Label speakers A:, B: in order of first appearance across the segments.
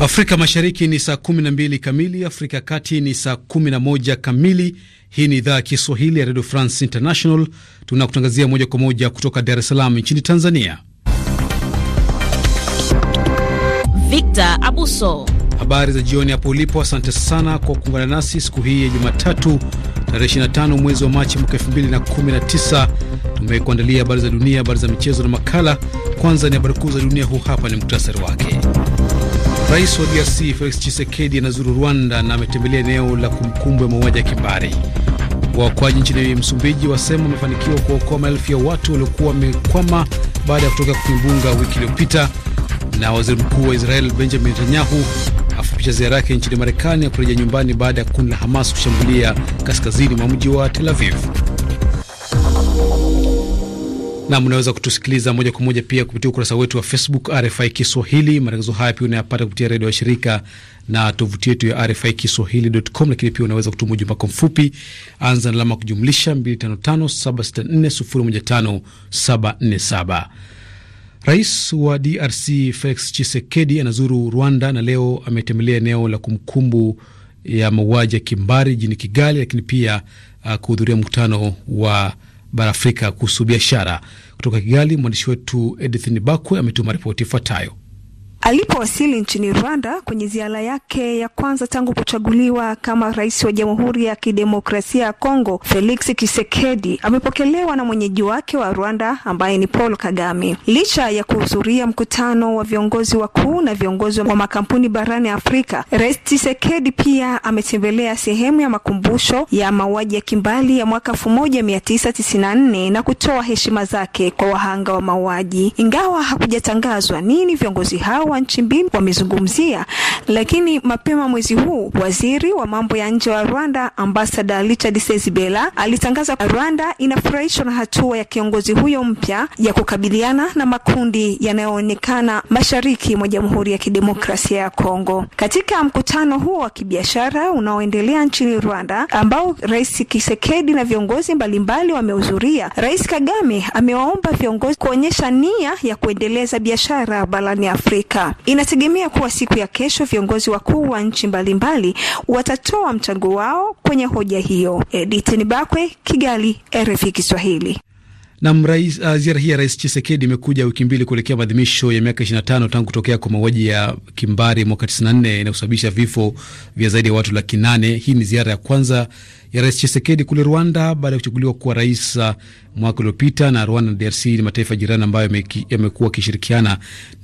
A: Afrika Mashariki ni saa 12 kamili, Afrika ya Kati ni saa 11 kamili. Hii ni idhaa ya Kiswahili ya Radio France International, tunakutangazia moja kwa moja kutoka Dar es Salaam nchini Tanzania.
B: Victor Abuso,
A: habari za jioni hapo ulipo. Asante sana kwa kuungana nasi siku hii ya Jumatatu tarehe 25 mwezi wa Machi mwaka 2019. Tumekuandalia habari za dunia, habari za michezo na makala. Kwanza ni habari kuu za dunia, huu hapa ni muktasari wake. Rais wa DRC Felix chisekedi anazuru Rwanda na ametembelea eneo la kumkumbwa ya mauaji ya kimbari. Waokoaji nchini Msumbiji wasema wamefanikiwa kuokoa maelfu ya watu waliokuwa wamekwama baada ya kutoka kimbunga wiki iliyopita. Na waziri mkuu wa Israel Benjamin Netanyahu afupisha ziara yake nchini Marekani ya kurejea nyumbani baada ya kundi la Hamas kushambulia kaskazini mwa mji wa Tel Aviv. Nam, unaweza kutusikiliza moja kwa moja pia kupitia ukurasa wetu wa Facebook RFI Kiswahili. Matangazo haya pia unayapata kupitia redio ya shirika na tovuti yetu ya RFI Kiswahili.com, lakini pia unaweza kutuma ujumbe wako mfupi, anza na alama kujumlisha 255764015747. Rais wa DRC Felix Chisekedi anazuru Rwanda na leo ametembelea eneo la kumkumbu ya mauaji ya kimbari jijini Kigali, lakini pia uh, kuhudhuria mkutano wa bara Afrika kuhusu biashara. Kutoka Kigali, mwandishi wetu Edith Nibakwe ametuma ripoti ifuatayo.
C: Alipowasili nchini Rwanda kwenye ziara yake ya kwanza tangu kuchaguliwa kama rais wa Jamhuri ya Kidemokrasia ya Kongo, Felix Tshisekedi amepokelewa na mwenyeji wake wa Rwanda ambaye ni Paul Kagame. Licha ya kuhudhuria mkutano wa viongozi wakuu na viongozi wa makampuni barani Afrika, Rais Tshisekedi pia ametembelea sehemu ya makumbusho ya mauaji ya kimbali ya mwaka 1994 na kutoa heshima zake kwa wahanga wa mauaji, ingawa hakujatangazwa nini viongozi hawa wa nchi mbili wamezungumzia. Lakini mapema mwezi huu waziri wa mambo ya nje wa Rwanda ambasada Richard sezibela alitangaza Rwanda inafurahishwa na hatua ya kiongozi huyo mpya ya kukabiliana na makundi yanayoonekana mashariki mwa Jamhuri ya Kidemokrasia ya Kongo. Katika mkutano huo wa kibiashara unaoendelea nchini Rwanda ambao Rais Kisekedi na viongozi mbalimbali wamehudhuria, Rais Kagame amewaomba viongozi kuonyesha nia ya kuendeleza biashara barani Afrika. Inategemea kuwa siku ya kesho viongozi wakuu wa nchi mbalimbali watatoa mchango wao kwenye hoja hiyo. Edith Nibakwe, Kigali, RFI Kiswahili.
A: Na mrais, uh, ziara hii ya Rais Chisekedi imekuja wiki mbili kuelekea maadhimisho ya miaka 25 tangu kutokea kwa mauaji ya kimbari mwaka 94 inayosababisha vifo vya zaidi ya watu laki nane. Hii ni ziara ya kwanza ya Rais Chisekedi kule Rwanda baada ya kuchaguliwa kuwa rais uh, mwaka uliopita. Na Rwanda na DRC ni mataifa jirani ambayo yamekuwa akishirikiana na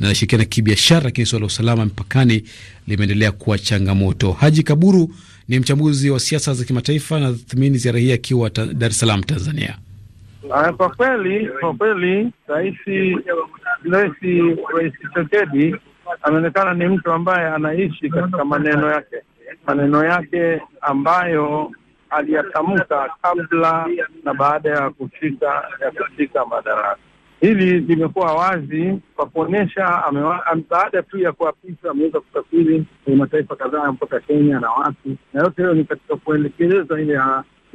A: yanashirikiana kibiashara, lakini suala la usalama mpakani limeendelea kuwa changamoto. Haji Kaburu ni mchambuzi wa siasa za kimataifa na tathmini ziara hii akiwa Dar es Salaam,
D: Tanzania. Ah, kwa kweli, kwa kweli rais Rais Tshisekedi ameonekana ni mtu ambaye anaishi katika maneno yake, maneno yake ambayo aliyatamka kabla na baada ya kushika ya kushika madaraka. Hili limekuwa wazi kwa kuonyesha, baada tu ya kuapishwa ameweza kusafiri kwenye mataifa kadhaa mpaka Kenya na watu, na yote hiyo ni katika kuelekeleza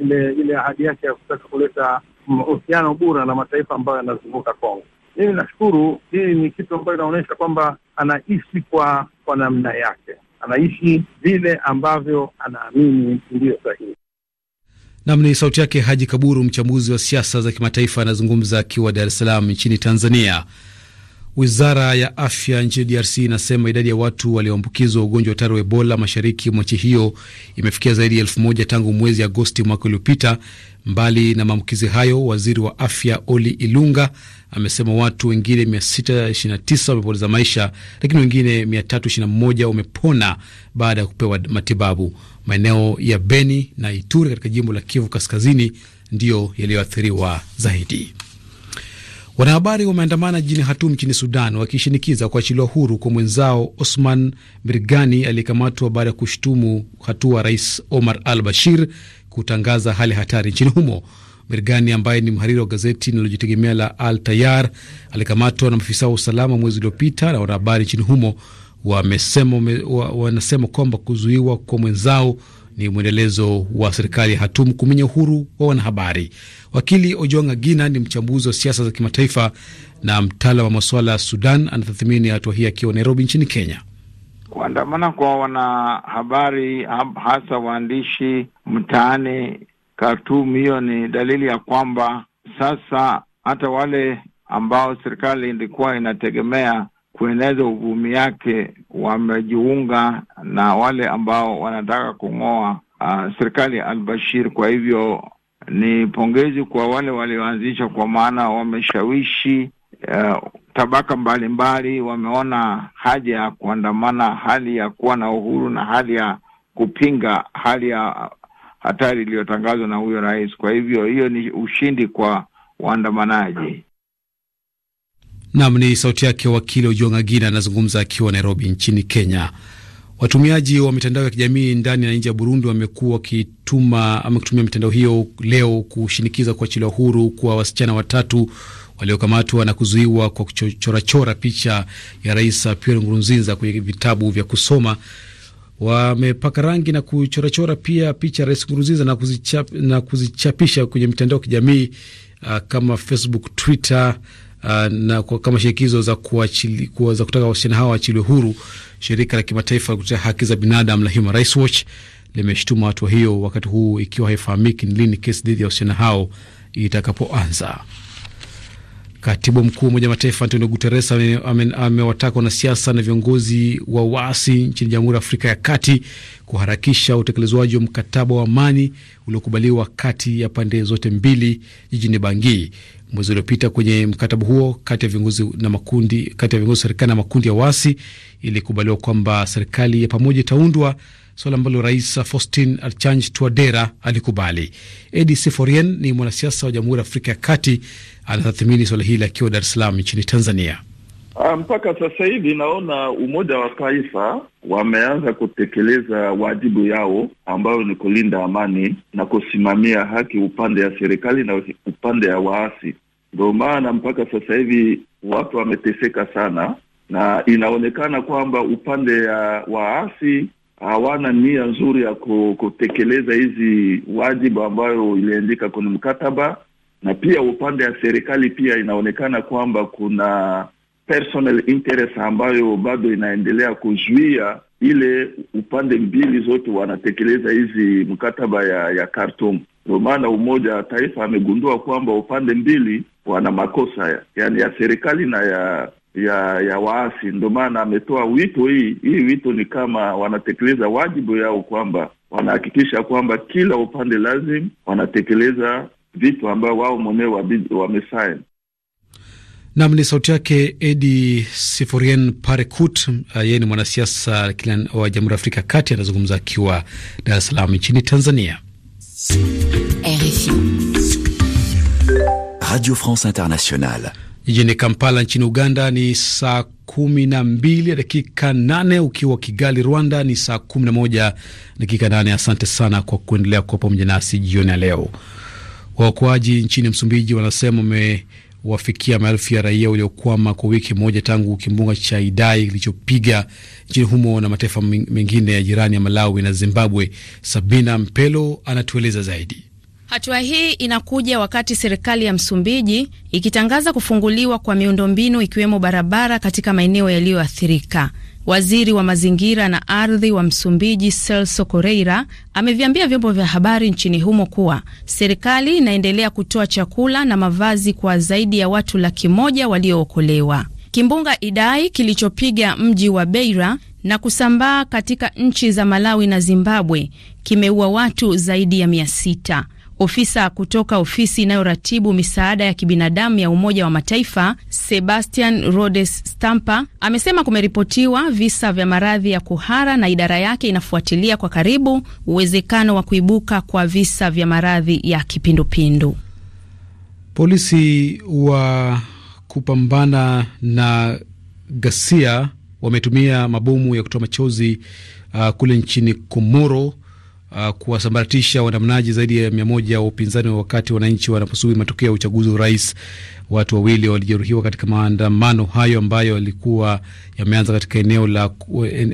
D: ile ile ahadi yake ya kutaka kuleta uhusiano bora na mataifa ambayo yanazunguka Kongo. Mimi nashukuru, hii ni kitu ambayo inaonyesha kwamba anaishi kwa kwa namna yake, anaishi vile ambavyo anaamini ndiyo sahihi.
A: Nam ni sauti yake Haji Kaburu, mchambuzi wa siasa za kimataifa, anazungumza akiwa Dar es Salaam nchini Tanzania. Wizara ya afya nchini DRC inasema idadi ya watu walioambukizwa ugonjwa hatari wa Ebola mashariki mwa nchi hiyo imefikia zaidi ya elfu moja tangu mwezi Agosti mwaka uliopita, Mbali na maambukizi hayo, waziri wa afya Oli Ilunga amesema watu wengine 629 wamepoteza maisha, lakini wengine 321 wamepona baada ya kupewa matibabu. Maeneo ya Beni na Ituri katika jimbo la Kivu Kaskazini ndiyo yaliyoathiriwa zaidi. Wanahabari wameandamana jijini Hatum nchini Sudan wakishinikiza kuachiliwa huru kwa mwenzao Osman Mirgani aliyekamatwa baada ya kushutumu hatua Rais Omar al Bashir kutangaza hali hatari nchini humo. Mergani ambaye ni mhariri wa gazeti linalojitegemea la Al Tayar alikamatwa na maafisa wa usalama mwezi uliopita, na wanahabari nchini humo wanasema wa, kwamba kuzuiwa kwa mwenzao ni mwendelezo wa serikali hatumu kuminya uhuru wa wanahabari. Wakili Ojonga Gina ni mchambuzi wa siasa za kimataifa na mtaalam wa masuala ya Sudan, anatathmini hatua hii akiwa Nairobi nchini Kenya.
E: Kuandamana kwa wanahabari hasa waandishi mtaani Khartoum. Hiyo ni dalili ya kwamba sasa hata wale ambao serikali ilikuwa inategemea kueneza uvumi yake wamejiunga na wale ambao wanataka kung'oa uh, serikali ya al-Bashir. Kwa hivyo ni pongezi kwa wale walioanzisha, kwa maana wameshawishi uh, tabaka mbalimbali, wameona haja ya kuandamana, hali ya kuwa na uhuru na hali ya kupinga hali ya hatari iliyotangazwa na huyo rais. Kwa hivyo hiyo ni ushindi kwa waandamanaji.
A: Nam ni sauti yake wakili Ojuang Agina, anazungumza akiwa Nairobi nchini Kenya. Watumiaji wa mitandao ya kijamii ndani na nje ya Burundi wamekuwa wakituma ama kutumia mitandao hiyo leo kushinikiza kuachiliwa huru kwa wasichana watatu waliokamatwa na kuzuiwa kwa kuchorachora picha ya Rais Pierre Nkurunziza kwenye vitabu vya kusoma wamepaka rangi na kuchorachora pia picha Rais Nkurunziza na, kuzichap, na kuzichapisha kwenye mitandao ya kijamii uh, kama Facebook, Twitter uh, na kwa, kama shinikizo za, za kutaka wasichana hao waachiliwe huru. Shirika la kimataifa la kutetea haki za binadamu la Human Rights Watch limeshtuma hatua hiyo, wakati huu ikiwa haifahamiki ni lini kesi dhidi ya wasichana hao itakapoanza. Katibu mkuu wa Umoja wa Mataifa Antonio Guterres amewataka wanasiasa na viongozi wa waasi nchini Jamhuri ya Afrika ya Kati kuharakisha utekelezwaji wa mkataba wa amani uliokubaliwa kati ya pande zote mbili jijini Bangi mwezi uliopita. Kwenye mkataba huo kati ya viongozi na makundi, kati ya viongozi serikali na makundi ya waasi ilikubaliwa kwamba serikali ya pamoja itaundwa, swala ambalo Rais Faustin Archange Touadera alikubali. Edi Seforien ni mwanasiasa wa Jamhuri ya Afrika ya Kati anatathmini swala hili akiwa Dar es Salaam nchini Tanzania?
F: Ah, mpaka sasa hivi naona Umoja wa Taifa wameanza kutekeleza wajibu yao ambayo ni kulinda amani na kusimamia haki upande ya serikali na upande ya waasi. Ndio maana mpaka sasa hivi watu wameteseka sana, na inaonekana kwamba upande ya waasi hawana nia nzuri ya kutekeleza hizi wajibu ambayo iliandika kwenye mkataba na pia upande ya serikali pia inaonekana kwamba kuna personal interest ambayo bado inaendelea kuzuia ile upande mbili zote wanatekeleza hizi mkataba ya ya Khartoum. Ndio maana Umoja wa Taifa amegundua kwamba upande mbili wana makosa, yani ya serikali na ya ya ya waasi. Ndio maana ametoa wito hii hii, wito ni kama wanatekeleza wajibu yao, kwamba wanahakikisha kwamba kila upande lazima wanatekeleza vitu ambayo wao mwenyewe wamesaini.
A: Nam ni sauti yake Edi Siforien Parekut. Uh, yeye ni mwanasiasa wa Jamhuri ya Afrika Kati, anazungumza akiwa Dar es Salaam nchini Tanzania. Radio France Internationale jijini Kampala nchini Uganda ni saa kumi na mbili dakika nane ukiwa Kigali Rwanda ni saa kumi na moja dakika nane. Asante sana kwa kuendelea kuwa pamoja nasi jioni ya leo. Waokoaji nchini Msumbiji wanasema wamewafikia maelfu ya raia waliokwama kwa wiki moja tangu kimbunga cha Idai kilichopiga nchini humo na mataifa mengine ya jirani ya Malawi na Zimbabwe. Sabina Mpelo anatueleza zaidi.
G: Hatua hii inakuja wakati serikali ya Msumbiji ikitangaza kufunguliwa kwa miundombinu ikiwemo barabara katika maeneo yaliyoathirika. Waziri wa mazingira na ardhi wa Msumbiji Celso Correira ameviambia vyombo vya habari nchini humo kuwa serikali inaendelea kutoa chakula na mavazi kwa zaidi ya watu laki moja waliookolewa. Kimbunga Idai kilichopiga mji wa Beira na kusambaa katika nchi za Malawi na Zimbabwe kimeua watu zaidi ya mia sita. Ofisa kutoka ofisi inayoratibu misaada ya kibinadamu ya Umoja wa Mataifa Sebastian Rhodes Stampa amesema kumeripotiwa visa vya maradhi ya kuhara na idara yake inafuatilia kwa karibu uwezekano wa kuibuka kwa visa vya maradhi ya kipindupindu. Polisi
A: wa kupambana na ghasia wametumia mabomu ya kutoa machozi uh, kule nchini Komoro uh, kuwasambaratisha waandamanaji zaidi ya mia moja wa upinzani wakati wananchi wanaposubiri matokeo ya uchaguzi wa urais. Watu wawili walijeruhiwa katika maandamano hayo ambayo yalikuwa yameanza katika eneo la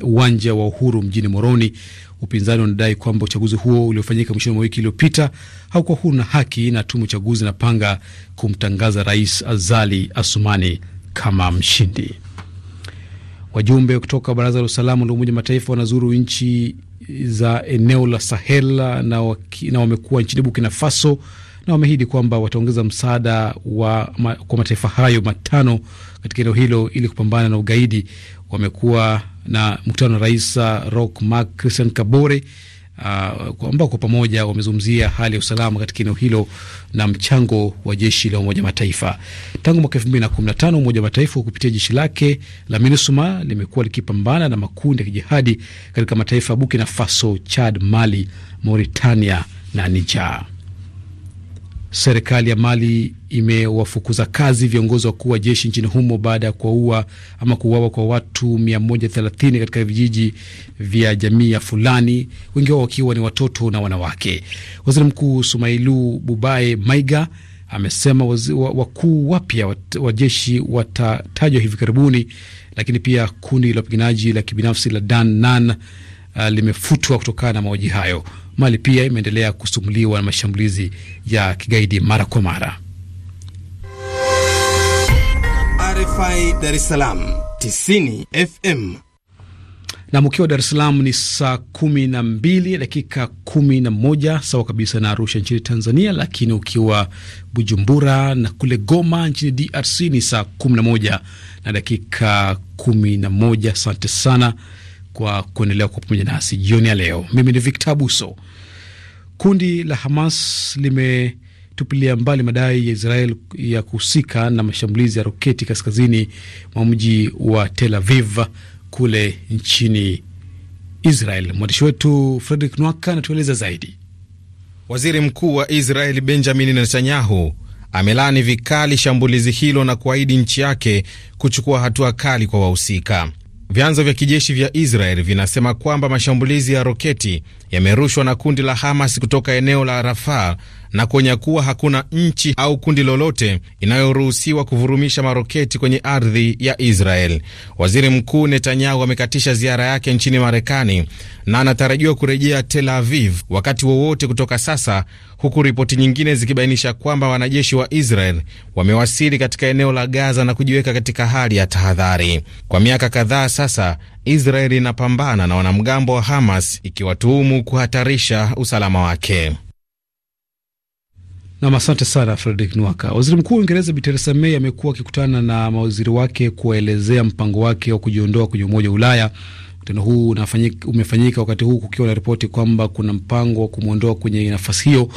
A: uwanja wa Uhuru mjini Moroni. Upinzani wanadai kwamba uchaguzi huo uliofanyika mwishoni mwa wiki iliyopita haukuwa huru na haki, na tume uchaguzi inapanga kumtangaza Rais Azali Asumani kama mshindi. Wajumbe kutoka Baraza la Usalama la Umoja Mataifa wanazuru nchi za eneo la Sahel na, waki, na wamekuwa nchini Burkina Faso na wameahidi kwamba wataongeza msaada wa, ma, kwa mataifa hayo matano katika eneo hilo ili kupambana na ugaidi. Wamekuwa na mkutano na Rais Roch Marc Christian Kabore kwamba uh, ambao kwa pamoja wamezungumzia hali ya usalama katika eneo hilo na mchango wa jeshi la Umoja Mataifa. Tangu mwaka tano Umoja Mataifa kupitia jeshi lake la MINUSMA limekuwa likipambana na makundi ya kijihadi katika mataifa ya bukina Faso, Chad, Mali, Mauritania na Nijaa. Serikali ya Mali imewafukuza kazi viongozi wakuu wa jeshi nchini humo baada ya kuwaua ama kuuawa kwa watu 130 katika vijiji vya jamii ya Fulani, wengi wao wakiwa ni watoto na wanawake. Waziri Mkuu Sumailu bubae Maiga amesema wakuu wapya wa jeshi watatajwa hivi karibuni, lakini pia kundi la wapiganaji la kibinafsi la Dan Nan uh, limefutwa kutokana na mauaji hayo. Mali pia imeendelea kusumuliwa na mashambulizi ya kigaidi mara kwa mara.
H: RFI Dar es Salaam 90 FM
A: na mkiwa Dar es Salaam ni saa kumi na mbili dakika kumi na moja sawa kabisa na Arusha nchini Tanzania, lakini ukiwa Bujumbura na kule Goma nchini DRC ni saa kumi na moja na dakika kumi na moja. Asante sana kwa kuendelea kwa pamoja nasi jioni ya leo. Mimi ni Victor Abuso. Kundi la Hamas limetupilia mbali madai ya Israel ya kuhusika na mashambulizi ya roketi kaskazini mwa mji wa Tel Aviv
H: kule nchini Israel. Mwandishi wetu Fredrik Nwaka anatueleza zaidi. Waziri Mkuu wa Israel Benjamin Netanyahu amelaani vikali shambulizi hilo na kuahidi nchi yake kuchukua hatua kali kwa wahusika. Vyanzo vya kijeshi vya Israel vinasema kwamba mashambulizi ya roketi yamerushwa na kundi la Hamas kutoka eneo la Rafah na kuonya kuwa hakuna nchi au kundi lolote inayoruhusiwa kuvurumisha maroketi kwenye ardhi ya Israel. Waziri Mkuu Netanyahu amekatisha ziara yake nchini Marekani na anatarajiwa kurejea Tel Aviv wakati wowote kutoka sasa, huku ripoti nyingine zikibainisha kwamba wanajeshi wa Israel wamewasili katika eneo la Gaza na kujiweka katika hali ya tahadhari. Kwa miaka kadhaa sasa, Israel inapambana na wanamgambo wa Hamas ikiwatuhumu kuhatarisha usalama wake.
A: Nam, asante sana Fredrik Nwaka. Waziri Mkuu wa Uingereza Bi Theresa May amekuwa akikutana na mawaziri wake kuwaelezea mpango wake wa kujiondoa kwenye Umoja wa Ulaya. Mkutano huu umefanyika wakati huu kukiwa na ripoti kwamba kuna mpango wa kumwondoa kwenye nafasi hiyo,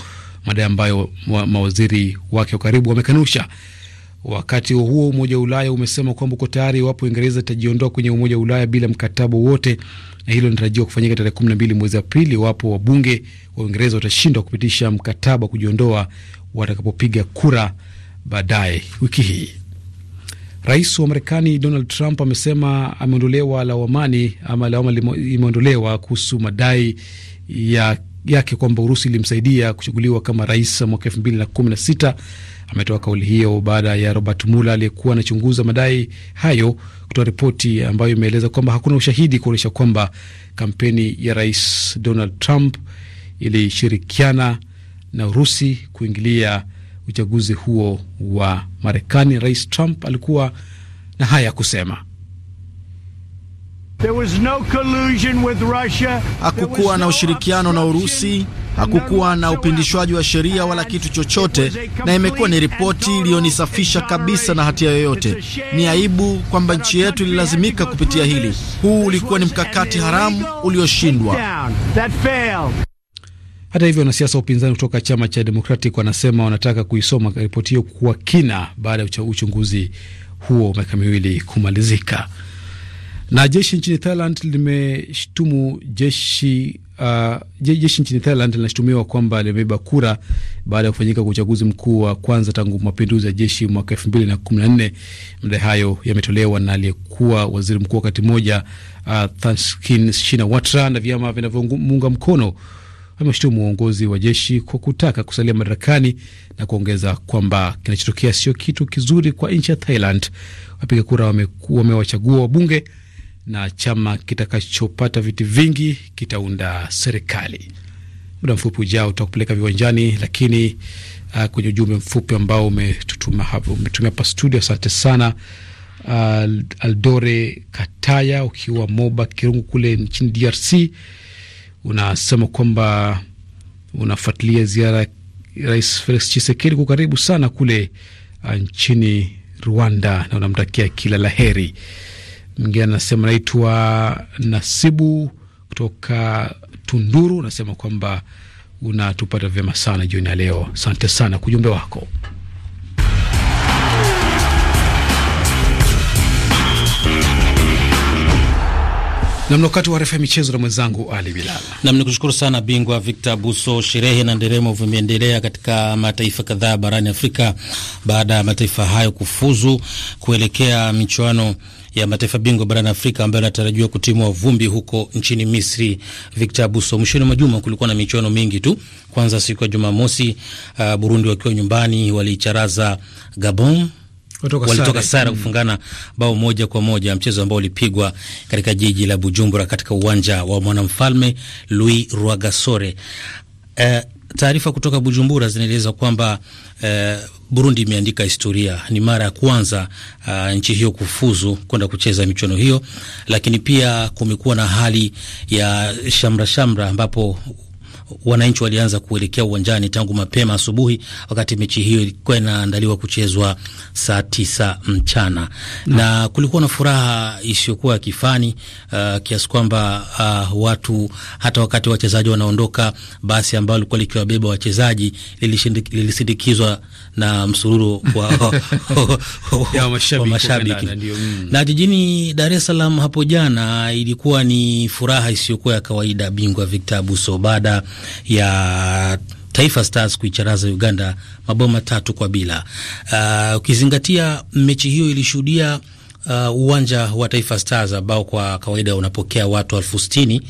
A: madai ambayo mawaziri wake wa karibu wamekanusha. Wakati huo Umoja wa Ulaya umesema kwamba uko tayari iwapo Uingereza itajiondoa kwenye Umoja wa Ulaya bila mkataba wowote, na hilo linatarajiwa kufanyika tarehe kumi na mbili mwezi Aprili iwapo wabunge wa Uingereza watashindwa kupitisha mkataba wa kujiondoa watakapopiga kura baadaye wiki hii. Rais wa Marekani Donald Trump amesema ameondolewa lawamani ama lawama imeondolewa kuhusu madai ya yake kwamba Urusi ilimsaidia kuchaguliwa kama rais mwaka elfu mbili na kumi na sita ametoa kauli hiyo baada ya Robert Mueller aliyekuwa anachunguza madai hayo kutoa ripoti ambayo imeeleza kwamba hakuna ushahidi kuonyesha kwamba kampeni ya Rais Donald Trump ilishirikiana na Urusi kuingilia uchaguzi huo wa Marekani. Rais Trump alikuwa na haya ya kusema:
D: hakukuwa no na ushirikiano na Urusi
H: Hakukuwa na upindishwaji wa sheria wala kitu chochote, na imekuwa ni ripoti iliyonisafisha kabisa na hatia yoyote. Ni aibu kwamba nchi yetu ililazimika kupitia hili.
C: Huu ulikuwa ni mkakati haramu
H: ulioshindwa. Hata
A: hivyo wanasiasa wa upinzani kutoka chama cha Democratic wanasema wanataka kuisoma ripoti hiyo kwa kina baada ya uchunguzi huo miaka miwili kumalizika. Na jeshi nchini Thailand limeshtumu jeshi Uh, jeshi nchini Thailand linashutumiwa kwamba limebeba kura baada ya kufanyika kwa uchaguzi mkuu wa kwanza tangu mapinduzi ya jeshi mwaka elfu mbili na kumi na nne. Madai hayo yametolewa na aliyekuwa waziri mkuu wakati mmoja uh, Thakin Shinawatra na vyama vinavyomuunga mkono ameshutumu uongozi wa jeshi kwa kutaka kusalia madarakani na kuongeza kwamba kinachotokea sio kitu kizuri kwa nchi ya Thailand. Wapiga kura wamewachagua wabunge na chama kitakachopata viti vingi kitaunda serikali. Muda mfupi ujao utakupeleka viwanjani, lakini uh, kwenye ujumbe mfupi ambao umetutuma hapo, umetumia hapa studio, asante sana uh, Aldore Kataya ukiwa Moba Kirungu kule nchini DRC, unasema kwamba unafuatilia ziara Rais Felix Chisekedi kwa karibu sana kule uh, nchini Rwanda na unamtakia kila la laheri. Mwingine anasema naitwa Nasibu kutoka Tunduru, anasema kwamba unatupata vyema sana jioni ya leo. Asante sana kwa ujumbe wako.
I: Namna wakati wa refa ya michezo na mwenzangu Ali Bilala. Nam ni kushukuru sana bingwa Victor Buso. Sherehe na nderemo vimeendelea katika mataifa kadhaa barani Afrika baada ya mataifa hayo kufuzu kuelekea michuano ya mataifa bingwa barani Afrika ambayo anatarajiwa kutimwa vumbi huko nchini Misri. Victor Abuso, mwishoni mwa juma kulikuwa na michuano mingi tu. Kwanza siku ya Jumamosi, uh, Burundi wakiwa nyumbani walicharaza Gabon
A: walitoka sare kufungana
I: bao moja kwa moja, mchezo ambao ulipigwa katika jiji la Bujumbura katika uwanja wa Mwanamfalme Louis Rwagasore. Uh, Taarifa kutoka Bujumbura zinaeleza kwamba eh, Burundi imeandika historia. Ni mara ya kwanza uh, nchi hiyo kufuzu kwenda kucheza michuano hiyo, lakini pia kumekuwa na hali ya shamra shamra ambapo wananchi walianza kuelekea uwanjani tangu mapema asubuhi, wakati mechi hiyo ilikuwa inaandaliwa kuchezwa saa tisa mchana na, na kulikuwa na furaha isiyokuwa ya kifani uh, kiasi kwamba uh, watu hata wakati wachezaji wanaondoka, basi ambalo lilikuwa likiwabeba wachezaji lilisindikizwa na msururu wa, wa, wa mashabiki mm. Na jijini Dar es Salaam hapo jana ilikuwa ni furaha isiyokuwa ya kawaida. Bingwa Victor Abuso baada ya Taifa Stars kuicharaza Uganda mabao matatu kwa bila. Uh, ukizingatia mechi hiyo ilishuhudia Uh, uwanja wa Taifa Stars ambao kwa kawaida unapokea watu elfu sitini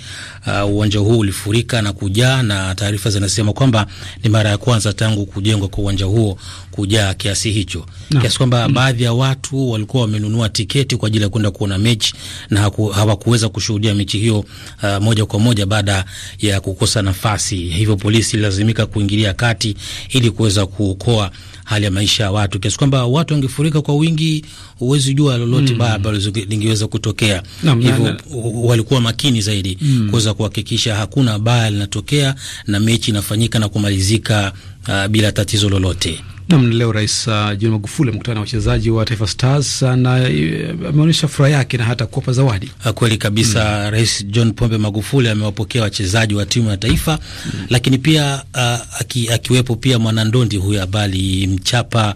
I: Uh, uwanja uh, huo ulifurika na kujaa, na taarifa zinasema kwamba ni mara ya kwanza tangu kujengwa kwa uwanja huo kujaa kiasi hicho no. kiasi kwamba mm. baadhi ya watu walikuwa wamenunua tiketi kwa ajili ya kwenda kuona mechi na hawakuweza kushuhudia mechi hiyo uh, moja kwa moja baada ya kukosa nafasi, hivyo polisi ililazimika kuingilia kati ili kuweza kuokoa hali ya maisha ya watu, kiasi kwamba watu wangefurika kwa wingi, huwezi jua lolote mm. baya ambalo lingeweza kutokea, hivyo walikuwa makini zaidi mm. kuweza kuweza kuhakikisha hakuna baya linatokea na mechi inafanyika na kumalizika uh, bila tatizo lolote.
A: nam leo Rais uh, John Magufuli amekutana na
I: wachezaji wa Taifa Stars uh, na uh, ameonyesha furaha yake na hata kuwapa zawadi. Uh, kweli kabisa mm. Rais John Pombe Magufuli amewapokea wachezaji wa timu ya taifa mm. Lakini pia uh, aki, akiwepo pia mwanandondi huyo abali mchapa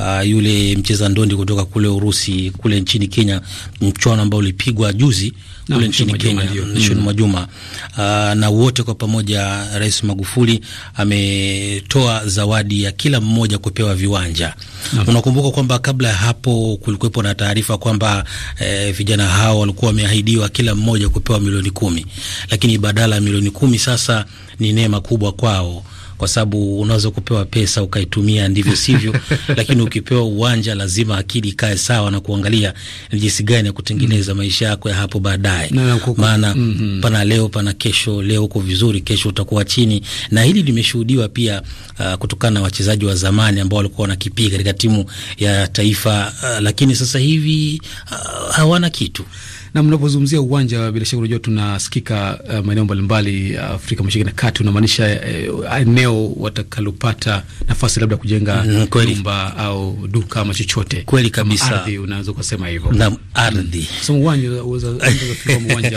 I: uh, yule mcheza ndondi kutoka kule Urusi kule nchini Kenya, mchuano ambao ulipigwa juzi kule nchini Kenya mwishoni mwa juma mm. ah, na wote kwa pamoja, Rais Magufuli ametoa zawadi ya kila mmoja kupewa viwanja. Unakumbuka kwamba kabla ya hapo kulikuwepo na taarifa kwamba eh, vijana hao walikuwa wameahidiwa kila mmoja kupewa milioni kumi, lakini badala ya milioni kumi sasa ni neema kubwa kwao kwa sababu unaweza kupewa pesa ukaitumia ndivyo sivyo, lakini ukipewa uwanja lazima akili ikae sawa na kuangalia ni jinsi gani ya kutengeneza mm. maisha yako ya hapo baadaye, maana mm -hmm. pana leo pana kesho. Leo uko vizuri, kesho utakuwa chini, na hili limeshuhudiwa pia uh, kutokana na wachezaji wa zamani ambao walikuwa wanakipiga katika timu ya taifa uh, lakini sasa hivi uh, hawana kitu na mnapozungumzia
A: uwanja, bila shaka unajua tunasikika uh, maeneo mbalimbali eh, Afrika Mashariki na Kati, unamaanisha eh, eneo watakalopata nafasi labda kujenga mm, nyumba au duka ama
I: chochote. Kweli kabisa, ardhi unaweza kusema hivyo. na ardhi mm. so, uwanja uwanja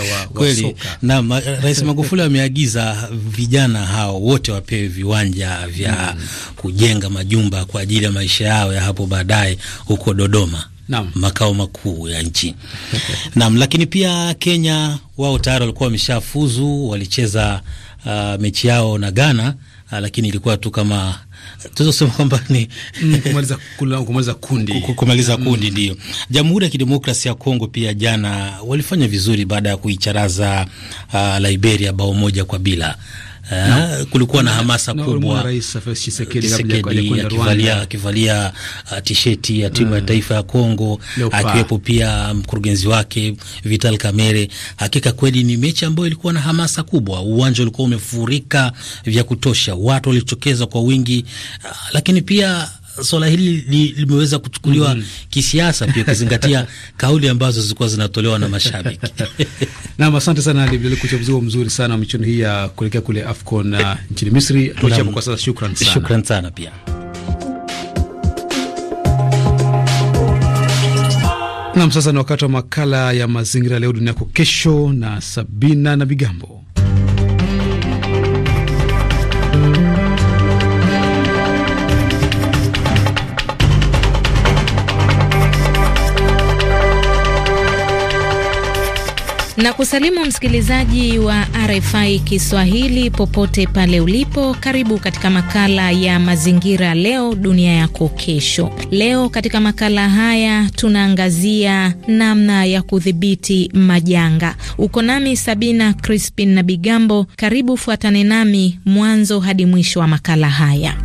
I: wa, wa soka. ma, Rais Magufuli ameagiza vijana hao wote wapewe viwanja vya mm, kujenga majumba kwa ajili ya maisha yao ya hapo baadaye huko Dodoma. Naam. Makao makuu ya nchi naam, lakini pia Kenya wao tayari walikuwa wameshafuzu, walicheza uh, mechi yao na Ghana uh, lakini ilikuwa tu kama tuzosema kwamba ni kumaliza kumaliza kundi, kumaliza mm. kundi ndio. Jamhuri ya Kidemokrasia ya Kongo pia jana walifanya vizuri baada ya kuicharaza uh, Liberia bao moja kwa bila no. Eh, kulikuwa na hamasa no, kubwa. Rais
A: Tshisekedi akivalia
I: uh, tisheti ya timu ya mm. taifa ya Kongo, akiwepo pia uh, mkurugenzi wake Vital Kamerhe. Hakika kweli ni mechi ambayo ilikuwa na hamasa kubwa, uwanja ulikuwa umefurika vya kutosha, watu walitokeza kwa wingi, uh, lakini pia swala hili li, limeweza kuchukuliwa mm -hmm. kisiasa pia ukizingatia kauli ambazo zilikuwa zinatolewa na mashabiki.
A: nam asante sana Libele kwa uchambuzi mzuri sana wa michuano hii ya kuelekea kule AFCON uh, nchini Misri.
I: Tuachapo kwa sasa, shukran sana. Shukran sana pia.
A: nam. sasa ni wakati wa makala ya mazingira leo dunia yako kesho na Sabina na Bigambo.
B: na kusalimu msikilizaji wa RFI Kiswahili popote pale ulipo. Karibu katika makala ya mazingira, leo dunia yako kesho. Leo katika makala haya tunaangazia namna ya kudhibiti majanga. Uko nami Sabina Crispin na Bigambo, karibu fuatane nami mwanzo hadi mwisho wa makala haya.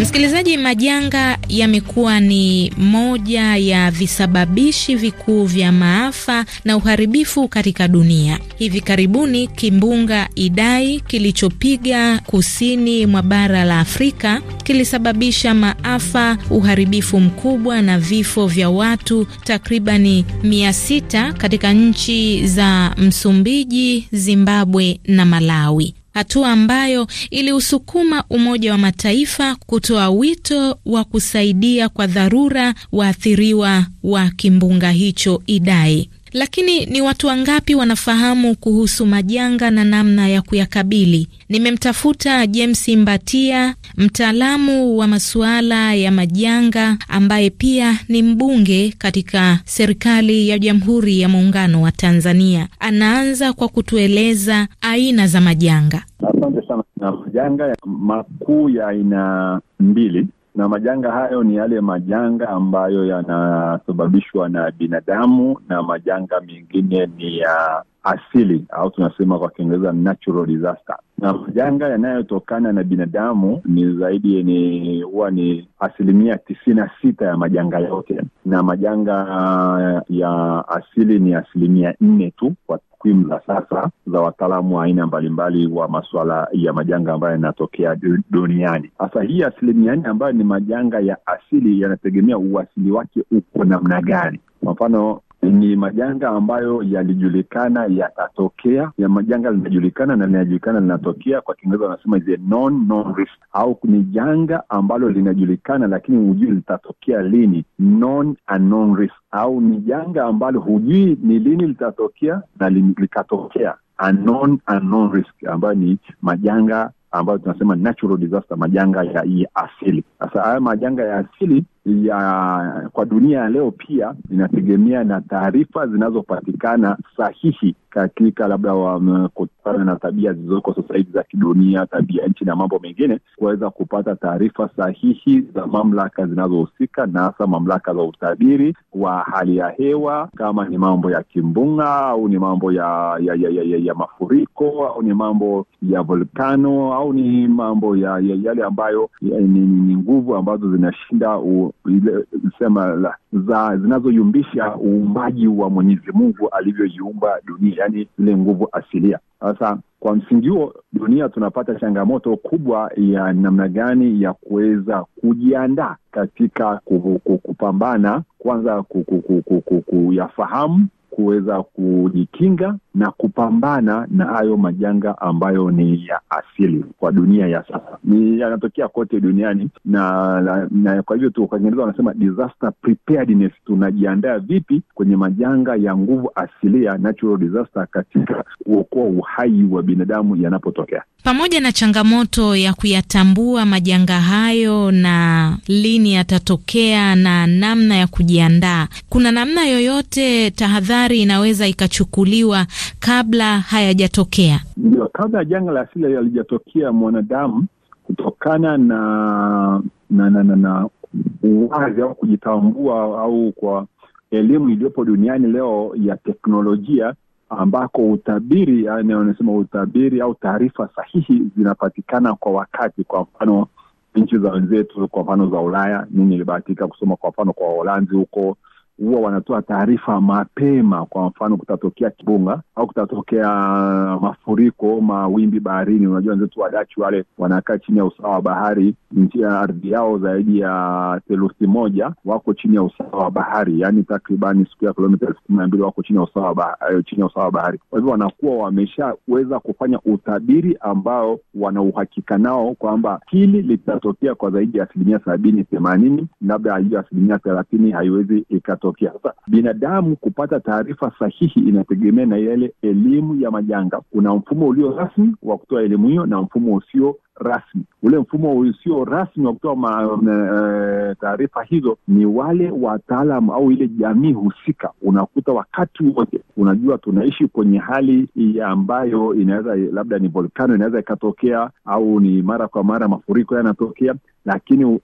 B: Msikilizaji, majanga yamekuwa ni moja ya visababishi vikuu vya maafa na uharibifu katika dunia. Hivi karibuni kimbunga Idai kilichopiga kusini mwa bara la Afrika kilisababisha maafa, uharibifu mkubwa na vifo vya watu takribani mia sita katika nchi za Msumbiji, Zimbabwe na Malawi hatua ambayo iliusukuma Umoja wa Mataifa kutoa wito wa kusaidia kwa dharura waathiriwa wa kimbunga hicho Idai. Lakini ni watu wangapi wanafahamu kuhusu majanga na namna ya kuyakabili? Nimemtafuta James Mbatia, mtaalamu wa masuala ya majanga ambaye pia ni mbunge katika serikali ya Jamhuri ya Muungano wa Tanzania. Anaanza kwa kutueleza aina za majanga.
J: Asante sana. Na majanga makuu ya aina mbili na majanga hayo ni yale majanga ambayo yanasababishwa na binadamu na majanga mengine ni ya asili au tunasema kwa Kiingereza natural disaster, na majanga yanayotokana na binadamu ni zaidi ni huwa ni asilimia tisini na sita ya majanga yote, na majanga ya asili ni asilimia nne tu kwa takwimu za sasa za wataalamu wa aina mbalimbali wa masuala ya majanga ambayo yanatokea duniani. Sasa hii asilimia nne ambayo ni majanga ya asili yanategemea uasili wake uko namna gani. Kwa mfano ni majanga ambayo yalijulikana yatatokea, ya majanga linajulikana na linajulikana linatokea. Kwa Kiingereza wanasema risk, au ni janga ambalo linajulikana lakini hujui litatokea lini, risk, au ni janga ambalo hujui ni lini litatokea na likatokea, risk, ambayo ni majanga ambayo tunasema natural disaster, majanga ya asili. Sasa haya majanga ya asili ya kwa dunia ya leo pia inategemea na taarifa zinazopatikana sahihi katika labda wamekutana na tabia zilizoko sasa hivi za kidunia, tabia nchi na mambo mengine, kuweza kupata taarifa sahihi za mamlaka zinazohusika na hasa mamlaka za utabiri wa hali ya hewa, kama ni mambo ya kimbunga au ni mambo ya ya, ya, ya, ya, ya mafuriko au ni mambo ya volkano au ni mambo ya, ya yale ambayo ya, ni, ni, ni nguvu ambazo zinashinda u, sema za zinazoyumbisha uumbaji wa Mwenyezi Mungu alivyoiumba dunia, yaani zile nguvu asilia. Sasa kwa msingi huo, dunia tunapata changamoto kubwa ya namna gani ya kuweza kujiandaa katika kupambana kwanza, kuyafahamu kuweza kujikinga na kupambana na hayo majanga ambayo ni ya asili kwa dunia ya sasa, ni yanatokea kote duniani na, na, na kwa hivyo tu kaingereza wanasema disaster preparedness, tunajiandaa vipi kwenye majanga ya nguvu asilia, natural disaster, katika kuokoa uhai wa binadamu yanapotokea.
B: Pamoja na changamoto ya kuyatambua majanga hayo na lini yatatokea na namna ya kujiandaa, kuna namna yoyote tahadhari inaweza ikachukuliwa kabla hayajatokea?
J: Ndio, kabla ya janga la asili yalijatokea mwanadamu, kutokana na na na, na, na uwazi au kujitambua au kwa elimu iliyopo duniani leo ya teknolojia ambako utabiri yani eh, wanasema utabiri au taarifa sahihi zinapatikana kwa wakati. Kwa mfano nchi za wenzetu, kwa mfano za Ulaya, nini nilibahatika kusoma kwa mfano kwa Waholanzi huko huwa wanatoa taarifa mapema. Kwa mfano, kutatokea kibunga au kutatokea mafuriko, mawimbi baharini. Unajua wenzetu Wadachi wale wanakaa chini ya usawa wa bahari, nchi ya ardhi yao zaidi ya theluthi moja wako chini ya usawa wa bahari, yaani takribani siku ya kilomita elfu kumi na mbili wako eh, chini ya usawa wa bahari. Kwa hivyo wanakuwa wameshaweza kufanya utabiri ambao wana uhakika nao kwamba hili litatokea kwa zaidi ya asilimia sabini themanini, labda hiyo asilimia thelathini haiwezi ikato yanatokea. Sasa binadamu kupata taarifa sahihi inategemea na yale elimu ya majanga. Kuna mfumo ulio rasmi wa kutoa elimu hiyo na mfumo usio rasmi. Ule mfumo usio rasmi wa kutoa e, taarifa hizo ni wale wataalam au ile jamii husika. Unakuta wakati wote, unajua tunaishi kwenye hali ambayo inaweza labda ni volkano inaweza ikatokea, au ni mara kwa mara mafuriko yanatokea, lakini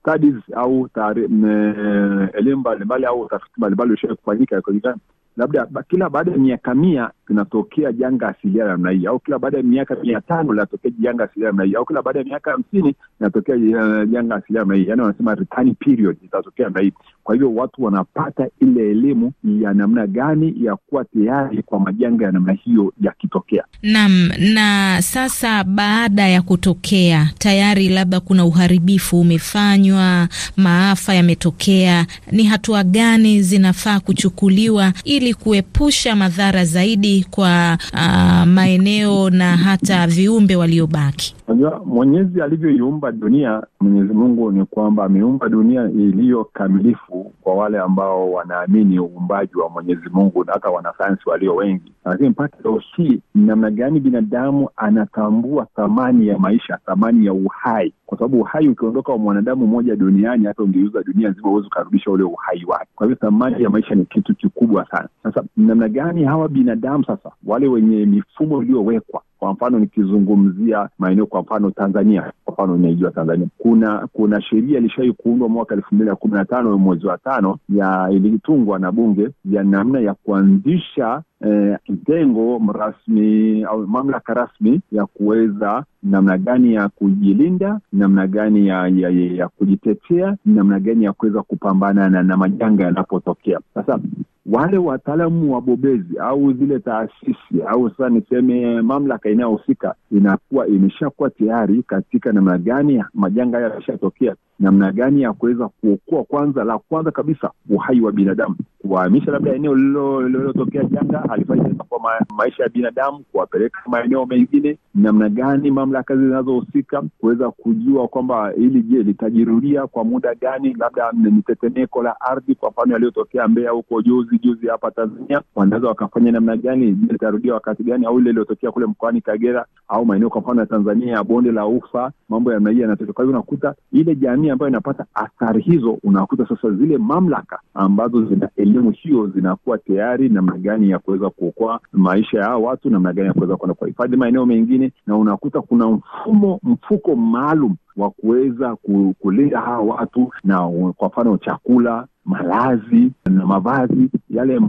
J: studies au mm, eh, elimu mbalimbali au tafiti mbalimbali ushawai kufanyika kulingana labda kila baada ya miaka mia linatokea janga asilia la namna hii, au kila baada ya miaka mia tano linatokea janga asilia la namna hii, au kila baada ya miaka hamsini inatokea eh, janga asilia la namna hii. Yani wanasema return period itatokea namna hii. Kwa hivyo watu wanapata ile elimu ya namna gani ya kuwa tayari kwa majanga ya namna hiyo yakitokea.
B: nam Na sasa baada ya kutokea tayari, labda kuna uharibifu umefanywa, maafa yametokea, ni hatua gani zinafaa kuchukuliwa ili ili kuepusha madhara zaidi kwa uh, maeneo na hata viumbe waliobaki.
J: Unajua, Mwenyezi alivyoiumba dunia, Mwenyezi Mungu ni kwamba ameumba dunia iliyo kamilifu kwa wale ambao wanaamini uumbaji wa Mwenyezi Mungu na hata wanasayansi walio wengi, lakini mpaka leo hii namna gani binadamu anatambua thamani ya maisha, thamani ya uhai, kwa sababu uhai ukiondoka wa mwanadamu mmoja duniani, hata ungeuza dunia nzima, huwezi ukarudisha ule uhai wake. Kwa hivyo thamani ya maisha ni kitu kikubwa sana. Sasa namna gani hawa binadamu sasa, wale wenye mifumo iliyowekwa kwa mfano nikizungumzia maeneo, kwa mfano Tanzania, kwa mfano inaijua Tanzania, kuna kuna sheria ilishawai kuundwa mwaka elfu mbili na kumi na tano mwezi wa tano ya ilitungwa na bunge ya namna ya kuanzisha eh, kitengo rasmi au mamlaka rasmi ya kuweza namna gani ya kujilinda, namna gani ya, ya, ya, ya kujitetea, namna gani ya kuweza kupambana na, na majanga yanapotokea. Sasa wale wataalamu wabobezi au zile taasisi au sasa niseme mamlaka inayohusika inakuwa imeshakuwa tayari katika namna gani majanga haya yameshatokea, namna gani ya kuweza kuokoa kwanza, la kwanza kabisa, uhai wa binadamu kuwahamisha labda eneo lililotokea janga, halifai kwa ma, maisha ya binadamu, kuwapeleka maeneo mengine. Namna gani mamlaka zinazohusika kuweza kujua kwamba hili je, litajirudia kwa muda gani? Labda ni tetemeko la ardhi kwa mfano yaliyotokea Mbeya huko juzi juzi hapa Tanzania, wanaweza wakafanya namna gani? Je, litarudia wakati gani? Au ile iliyotokea kule mkoani Kagera au maeneo kwa mfano ya Tanzania ya bonde la Ufa, mambo ya namna yanatokea. Kwa hivyo unakuta ile jamii ambayo inapata athari hizo, unakuta sasa zile mamlaka ambazo zina mbinu hiyo zinakuwa tayari namna gani ya kuweza kuokoa maisha ya watu, namna gani ya kuweza kuenda kuwahifadhi maeneo mengine, na unakuta kuna mfumo mfuko maalum wa kuweza kulinda hawa watu, na kwa mfano chakula malazi na mavazi yale,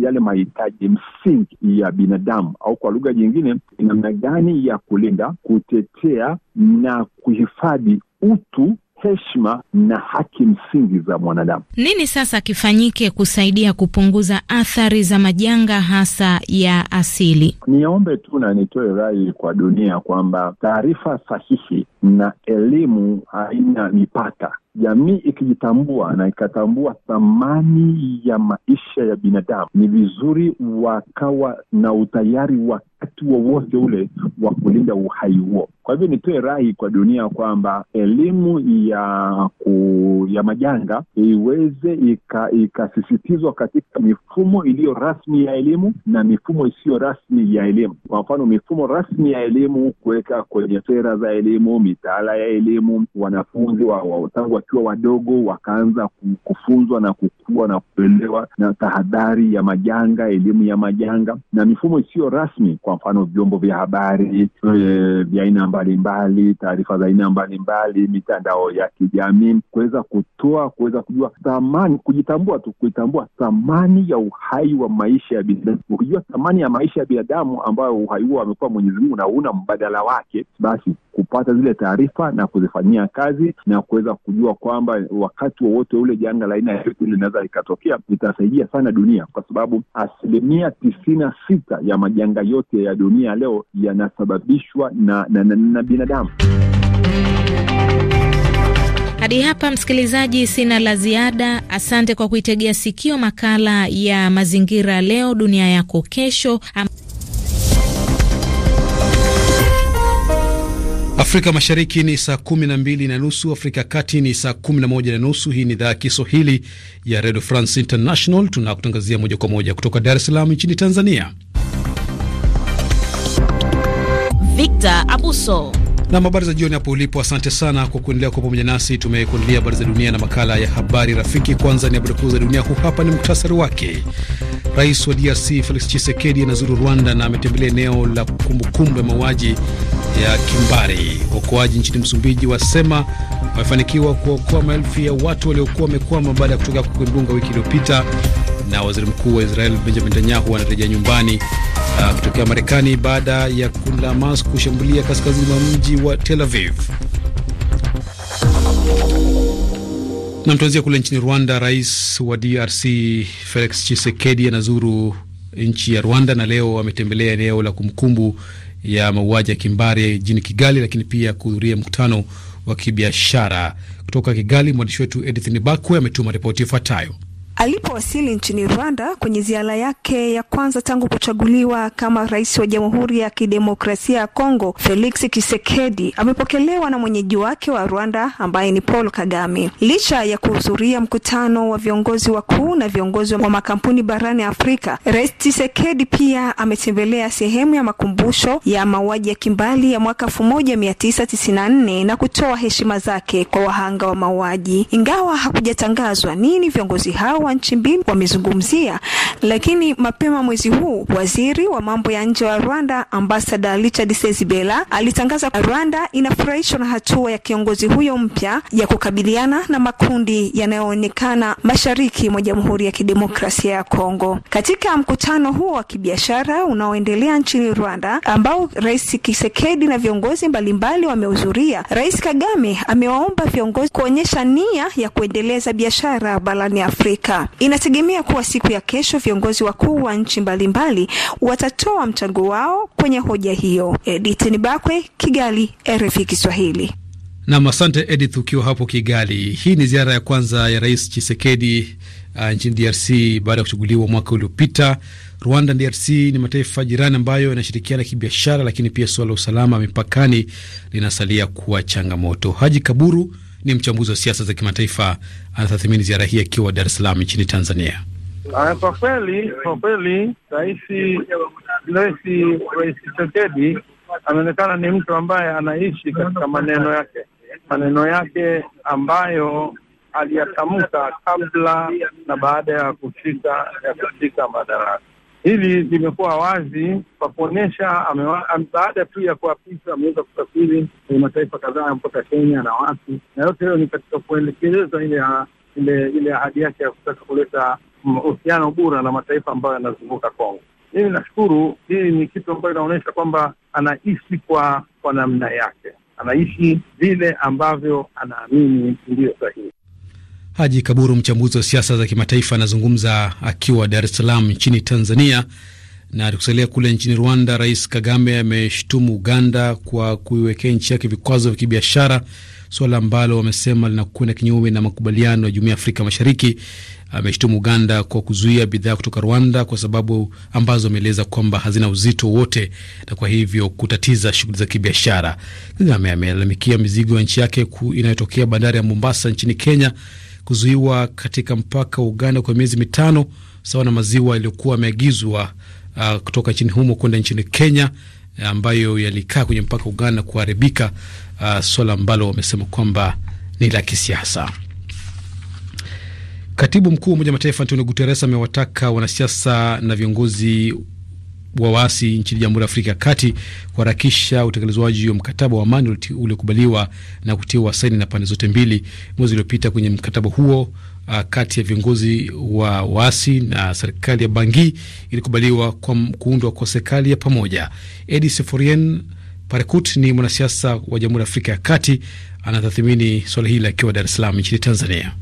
J: yale mahitaji msingi ya binadamu, au kwa lugha nyingine, namna gani ya kulinda, kutetea na kuhifadhi utu heshima na haki msingi za mwanadamu.
B: Nini sasa kifanyike kusaidia kupunguza athari za majanga hasa ya asili?
J: Niombe tu na nitoe rai kwa dunia kwamba taarifa sahihi na elimu haina mipaka. Jamii ikijitambua na ikatambua thamani ya maisha ya binadamu, ni vizuri wakawa na utayari wakati wowote ule wa kulinda uhai huo. Kwa hivyo nitoe rai kwa dunia kwamba elimu ya ku, ya majanga iweze ikasisitizwa ika katika mifumo iliyo rasmi ya elimu na mifumo isiyo rasmi ya elimu. Kwa mfano, mifumo rasmi ya elimu kuweka kwenye sera za elimu mitaala ya elimu, wanafunzi wa, wa, tangu wakiwa wadogo wakaanza kufunzwa na kukua na kuelewa na tahadhari ya majanga, elimu ya majanga na mifumo isiyo rasmi, kwa mfano vyombo vya habari e, vya aina mbalimbali, taarifa za aina mbalimbali, mitandao ya kijamii, kuweza kutoa, kuweza kujua thamani, kujitambua tu, kuitambua thamani ya uhai wa maisha ya binadamu. Ukijua thamani ya maisha ya binadamu ambayo uhai huo amekuwa mwenyezimungu na una mbadala wake, basi kupata zile taarifa na kuzifanyia kazi na kuweza kujua kwamba wakati wowote wa ule janga la aina yoyote linaweza likatokea, litasaidia sana dunia, kwa sababu asilimia tisini na sita ya majanga yote ya dunia leo yanasababishwa na, na, na, na binadamu.
B: Hadi hapa msikilizaji, sina la ziada. Asante kwa kuitegea sikio makala ya mazingira leo, dunia yako kesho.
A: Afrika Mashariki ni saa kumi na mbili na nusu, Afrika ya Kati ni saa kumi na moja na nusu. Hii ni idhaa ya Kiswahili ya Redio France International, tunakutangazia moja kwa moja kutoka Dar es Salaam nchini Tanzania.
B: Victor Abuso
A: na habari za jioni hapo ulipo. Asante sana kwa kuendelea kuwa pamoja nasi. Tumekuandalia habari za dunia na makala ya habari rafiki. Kwanza ni habari kuu za dunia, huu hapa ni muktasari wake. Rais wa DRC Felix Tshisekedi anazuru Rwanda na ametembelea eneo la kumbukumbu ya mauaji ya kimbari. Waokoaji nchini Msumbiji wasema wamefanikiwa kuokoa maelfu ya watu waliokuwa wamekwama baada ya kutokea kwa mdunga wiki iliyopita na waziri mkuu wa Israel Benjamin Netanyahu anarejea nyumbani uh, kutokea Marekani baada ya kundi la Hamas kushambulia kaskazini mwa mji wa Tel Aviv. Na mtuanzia kule nchini Rwanda, rais wa DRC Felix Tshisekedi anazuru nchi ya Rwanda na leo ametembelea eneo la kumbukumbu ya mauaji ya kimbari jijini Kigali, lakini pia kuhudhuria mkutano wa kibiashara. Kutoka Kigali, mwandishi wetu Edith Nibakwe ametuma ripoti ifuatayo.
C: Alipowasili nchini Rwanda kwenye ziara yake ya kwanza tangu kuchaguliwa kama rais wa Jamhuri ya Kidemokrasia ya Kongo, Felix Tshisekedi amepokelewa na mwenyeji wake wa Rwanda ambaye ni Paul Kagame. Licha ya kuhudhuria mkutano wa viongozi wakuu na viongozi wa makampuni barani Afrika, Rais Tshisekedi pia ametembelea sehemu ya makumbusho ya mauaji ya kimbali ya mwaka 1994 na kutoa heshima zake kwa wahanga wa mauaji, ingawa hakujatangazwa nini viongozi hawa wa nchi mbili wamezungumzia, lakini mapema mwezi huu waziri wa mambo ya nje wa Rwanda ambasada Richard sezibela alitangaza Rwanda inafurahishwa na hatua ya kiongozi huyo mpya ya kukabiliana na makundi yanayoonekana mashariki mwa Jamhuri ya Kidemokrasia ya Kongo. Katika mkutano huo wa kibiashara unaoendelea nchini Rwanda ambao Rais Kisekedi na viongozi mbalimbali wamehudhuria, Rais Kagame amewaomba viongozi kuonyesha nia ya kuendeleza biashara barani Afrika. Inategemea kuwa siku ya kesho viongozi wakuu wa nchi mbalimbali watatoa mchango wao kwenye hoja hiyo. Edith Nibakwe, Kigali, RFI Kiswahili.
A: Nam, asante Edith, ukiwa hapo Kigali. Hii ni ziara ya kwanza ya Rais Chisekedi uh, nchini DRC baada ya kuchaguliwa mwaka uliopita. Rwanda, DRC ni mataifa jirani ambayo yanashirikiana kibiashara, lakini pia suala la usalama mipakani linasalia kuwa changamoto. Haji Kaburu ni mchambuzi wa siasa za kimataifa, anatathmini ziara hii akiwa Dar es Salaam nchini Tanzania.
D: Ah, kwa kweli kwa kweli, rais Rais Chekedi anaonekana ni mtu ambaye anaishi katika maneno yake, maneno yake ambayo aliyatamka kabla na baada ya kufika ya kufika madaraka. Hili limekuwa wazi kwa kuonyesha baada tu ya kuapishwa ameweza kusafiri kwenye mataifa kadhaa mpaka Kenya na watu, na yote hiyo ni katika kuelekeleza ile ile ile ahadi yake ya kutaka kuleta mm, uhusiano bora na mataifa ambayo yanazunguka Kongo. Mimi nashukuru, hii ni kitu ambayo inaonyesha kwamba anaishi kwa kwa namna yake, anaishi vile ambavyo anaamini ndiyo sahihi.
A: Haji Kaburu, mchambuzi wa siasa za kimataifa, anazungumza akiwa Dar es Salaam nchini Tanzania. Na tukisalia kule nchini Rwanda, Rais Kagame ameshtumu Uganda kwa kuiwekea nchi yake vikwazo vya kibiashara, suala ambalo wamesema linakwenda kinyume na makubaliano ya Jumuiya ya Afrika Mashariki. Ameshtumu Uganda kwa kuzuia bidhaa kutoka Rwanda kwa sababu ambazo ameeleza kwamba hazina uzito wwote na kwa hivyo kutatiza shughuli za kibiashara. Kagame amelalamikia mizigo ya nchi yake inayotokea bandari ya Mombasa nchini Kenya kuzuiwa katika mpaka wa Uganda kwa miezi mitano sawa na maziwa yaliyokuwa yameagizwa uh, kutoka nchini humo kwenda nchini Kenya ambayo yalikaa kwenye mpaka Uganda kuharibika, uh, swala ambalo wamesema kwamba ni la kisiasa. Katibu mkuu wa Umoja wa Mataifa Antonio Guterres amewataka wanasiasa na viongozi wa waasi nchini Jamhuri ya Afrika ya Kati kuharakisha utekelezwaji wa mkataba wa amani uliokubaliwa na kutiwa saini na pande zote mbili mwezi uliopita. Kwenye mkataba huo uh, kati ya viongozi wa waasi na serikali ya Bangi ilikubaliwa kwa kuundwa kwa serikali ya pamoja. Edi Seforien Parekut ni mwanasiasa wa Jamhuri ya Afrika ya Kati, anatathimini swala hili akiwa Dar es Salaam nchini Tanzania.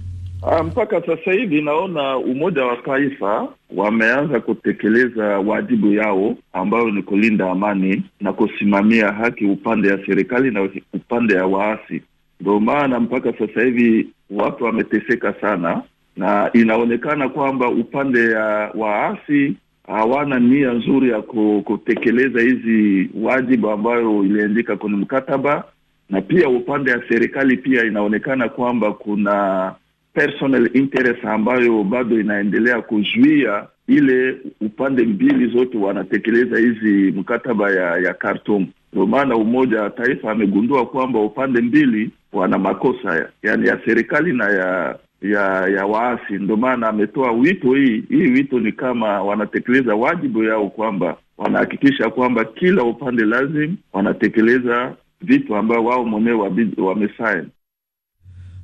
F: Ah, mpaka sasa hivi naona Umoja wa Taifa wameanza kutekeleza wajibu yao ambayo ni kulinda amani na kusimamia haki upande ya serikali na upande ya waasi. Ndio maana mpaka sasa hivi watu wameteseka sana, na inaonekana kwamba upande ya waasi hawana nia nzuri ya kutekeleza hizi wajibu ambayo iliandika kwenye mkataba, na pia upande ya serikali pia inaonekana kwamba kuna personal interest ambayo bado inaendelea kuzuia ile upande mbili zote wanatekeleza hizi mkataba ya ya Khartoum. Ndio maana Umoja wa Taifa amegundua kwamba upande mbili wana makosa, yani ya serikali na ya ya ya waasi. Ndio maana ametoa wito hii hii, wito ni kama wanatekeleza wajibu yao, kwamba wanahakikisha kwamba kila upande lazima wanatekeleza vitu ambayo wao mwenyewe wamesaini.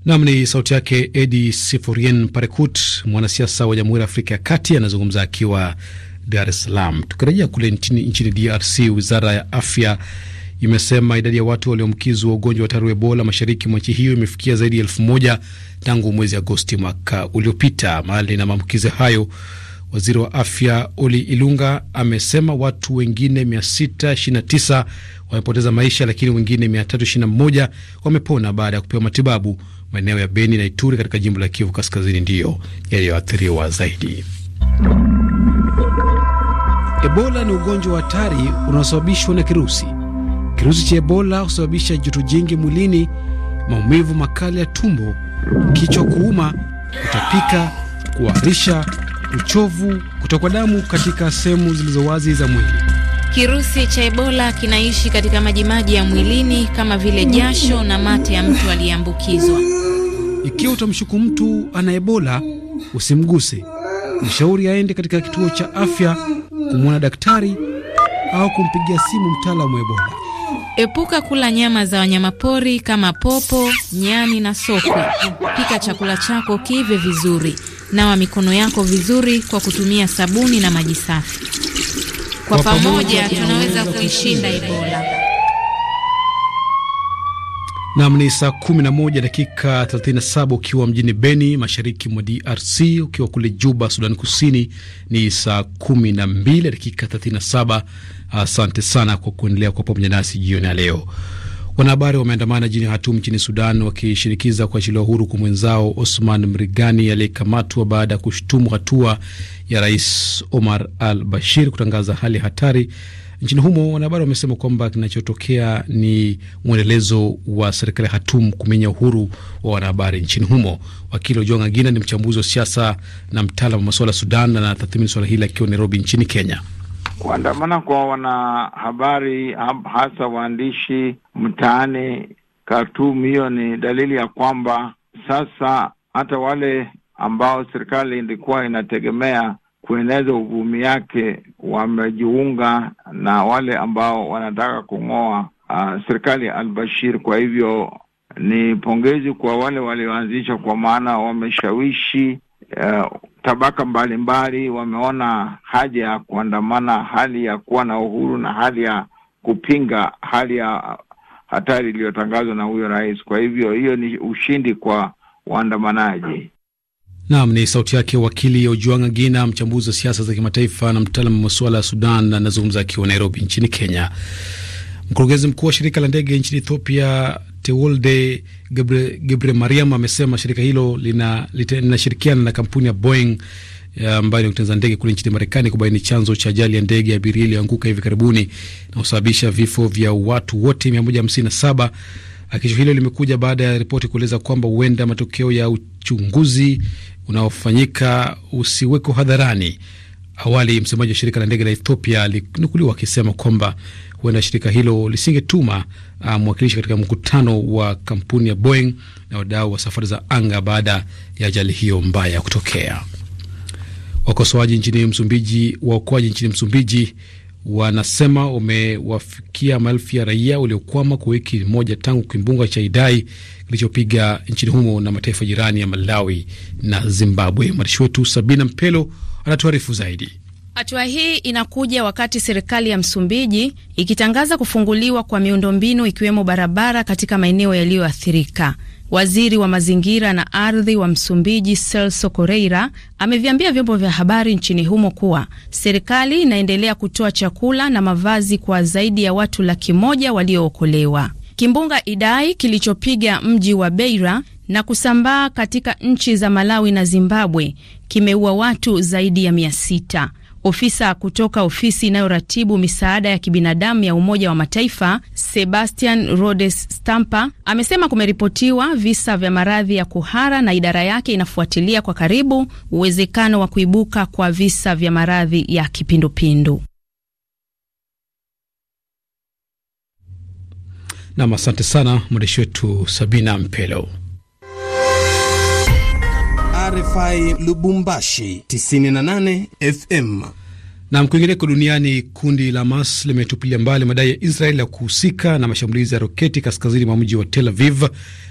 A: Nam ni sauti yake Edi Sifurien Parekut, mwanasiasa wa Jamhuri ya Afrika ya Kati, anazungumza akiwa Dar es Salaam. Tukirejea kule nchini, nchini DRC, wizara ya afya imesema idadi ya watu walioambukizwa ugonjwa wa taru Ebola mashariki mwa nchi hiyo imefikia zaidi ya elfu moja tangu mwezi Agosti mwaka uliopita. Mbali na maambukizi hayo, waziri wa afya Oli Ilunga amesema watu wengine 629 wamepoteza maisha, lakini wengine 321 wamepona baada ya kupewa matibabu maeneo ya Beni na Ituri katika jimbo la Kivu Kaskazini ndiyo yaliyoathiriwa zaidi. Ebola ni ugonjwa wa hatari unaosababishwa na kirusi. Kirusi cha Ebola husababisha joto jingi mwilini, maumivu makali ya tumbo, kichwa kuuma, kutapika, kuharisha, uchovu, kutokwa damu katika sehemu zilizo wazi za mwili.
B: Kirusi cha Ebola kinaishi katika majimaji ya mwilini kama vile jasho na mate ya mtu aliyeambukizwa.
A: Ikiwa utamshuku mtu ana Ebola, usimguse. Mshauri aende katika kituo cha afya kumwona daktari au kumpigia simu mtaalamu wa Ebola.
B: Epuka kula nyama za wanyamapori kama popo, nyani na sokwe. Pika chakula chako kiive vizuri. Nawa mikono yako vizuri kwa kutumia sabuni na maji safi. Kwa pamoja tunaweza kuishinda Ebola.
A: Nam ni saa 11 dakika 37, ukiwa mjini Beni, mashariki mwa DRC. Ukiwa kule Juba, Sudan Kusini, ni saa 12 dakika 37. Asante sana kwa kuendelea kwa pamoja nasi jioni ya leo. Wanahabari wameandamana jini Hatum nchini Sudan wakishinikiza kuachiliwa huru kwa mwenzao Osman Mrigani aliyekamatwa baada ya kushutumu hatua ya Rais Omar al Bashir kutangaza hali hatari nchini humo. Wanahabari wamesema kwamba kinachotokea ni mwendelezo wa serikali ya Hatum kuminya uhuru wa wanahabari nchini humo. Wakili Ojuanga Gina ni mchambuzi wa siasa na mtaalam wa masuala ya Sudan anatathmini suala hili akiwa Nairobi nchini Kenya.
E: Kuandamana kwa wanahabari hasa waandishi mtaani Khartoum, hiyo ni dalili ya kwamba sasa hata wale ambao serikali ilikuwa inategemea kueneza uvumi yake wamejiunga na wale ambao wanataka kung'oa uh, serikali ya al-Bashir. Kwa hivyo ni pongezi kwa wale walioanzisha, kwa maana wameshawishi uh, tabaka mbalimbali wameona haja ya kuandamana, hali ya kuwa na uhuru na hali ya kupinga hali ya hatari iliyotangazwa na huyo rais. Kwa hivyo hiyo ni ushindi kwa waandamanaji.
A: Naam, ni sauti yake wakili ujuanga Gina, mchambuzi wa siasa za kimataifa na mtaalamu wa masuala ya Sudan, anazungumza akiwa Nairobi nchini Kenya. Mkurugenzi mkuu wa shirika la ndege nchini Ethiopia Tewolde Gebre, Gebre Mariam amesema shirika hilo linashirikiana na kampuni ya Boeing eh, ambayo inatengeneza ndege kule nchini Marekani kubaini chanzo cha ajali ya ndege ya abiria iliyoanguka hivi karibuni na kusababisha vifo vya watu wote 157. Akisho hilo limekuja baada ya ripoti kueleza kwamba huenda matokeo ya uchunguzi unaofanyika usiweko hadharani. Awali msemaji wa shirika la ndege la Ethiopia alinukuliwa akisema kwamba huenda shirika hilo lisingetuma uh, mwakilishi katika mkutano wa kampuni ya Boeing na wadau wa safari za anga baada ya ajali hiyo mbaya kutokea. Wakosoaji nchini Msumbiji, waokoaji nchini Msumbiji wanasema wamewafikia maelfu ya raia waliokwama kwa wiki moja tangu kimbunga cha Idai kilichopiga nchini humo na mataifa jirani ya Malawi na Zimbabwe. Mwandishi wetu Sabina Mpelo anatuarifu zaidi.
G: Hatua hii inakuja wakati serikali ya Msumbiji ikitangaza kufunguliwa kwa miundombinu ikiwemo barabara katika maeneo yaliyoathirika. Waziri wa mazingira na ardhi wa Msumbiji Celso Correira ameviambia vyombo vya habari nchini humo kuwa serikali inaendelea kutoa chakula na mavazi kwa zaidi ya watu laki moja waliookolewa. Kimbunga Idai kilichopiga mji wa Beira na kusambaa katika nchi za Malawi na Zimbabwe kimeua watu zaidi ya mia sita. Ofisa kutoka ofisi inayoratibu misaada ya kibinadamu ya Umoja wa Mataifa Sebastian Rhodes Stampa amesema kumeripotiwa visa vya maradhi ya kuhara na idara yake inafuatilia kwa karibu uwezekano wa kuibuka kwa visa vya maradhi ya kipindupindu.
A: Nam, asante sana mwandishi wetu Sabina Mpelo.
H: RFI Lubumbashi 98 FM.
A: Na kwingineko duniani, kundi la Hamas limetupilia mbali madai ya Israel ya kuhusika na mashambulizi ya roketi kaskazini mwa mji wa Tel Aviv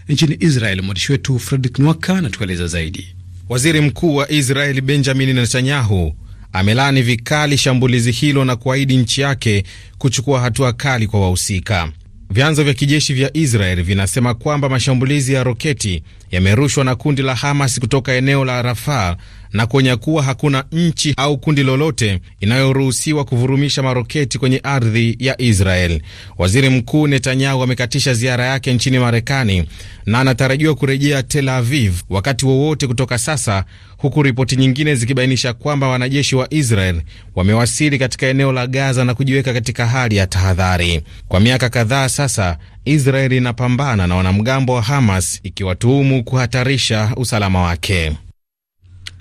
H: nchini Israel. Mwandishi wetu Fredrick Nwaka anatueleza zaidi. Waziri Mkuu wa Israel Benjamin Netanyahu amelaani vikali shambulizi hilo na kuahidi nchi yake kuchukua hatua kali kwa wahusika. Vyanzo vya kijeshi vya Israel vinasema kwamba mashambulizi ya roketi yamerushwa na kundi la Hamas kutoka eneo la Rafah na kuonya kuwa hakuna nchi au kundi lolote inayoruhusiwa kuvurumisha maroketi kwenye ardhi ya Israel. Waziri Mkuu Netanyahu amekatisha ziara yake nchini Marekani na anatarajiwa kurejea Tel Aviv wakati wowote kutoka sasa, huku ripoti nyingine zikibainisha kwamba wanajeshi wa Israel wamewasili katika eneo la Gaza na kujiweka katika hali ya tahadhari. Kwa miaka kadhaa sasa, Israel inapambana na wanamgambo wa Hamas ikiwatuhumu kuhatarisha usalama wake.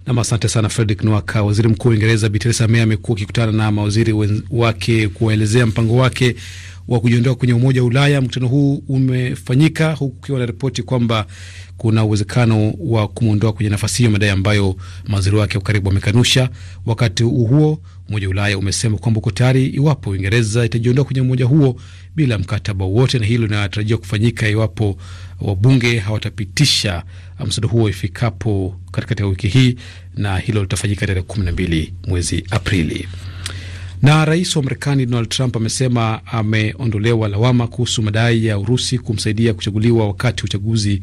H: Nam,
A: asante sana Fredrick Nwaka. Waziri Mkuu wa Uingereza Bi Theresa May amekuwa akikutana na mawaziri wake kuwaelezea mpango wake wa kujiondoa kwenye Umoja wa Ulaya. Mkutano huu umefanyika huku ukiwa na ripoti kwamba kuna uwezekano wa kumwondoa kwenye nafasi hiyo, madai ambayo mawaziri wake wa karibu wamekanusha. Wakati huo Umoja wa Ulaya umesema kwamba uko tayari iwapo Uingereza itajiondoa kwenye umoja huo bila mkataba wowote, na hilo linatarajiwa kufanyika iwapo wabunge hawatapitisha mswada huo ifikapo katikati ya wiki hii, na hilo litafanyika tarehe kumi na mbili mwezi Aprili. Na rais wa Marekani Donald Trump amesema ameondolewa lawama kuhusu madai ya Urusi kumsaidia kuchaguliwa wakati wa uchaguzi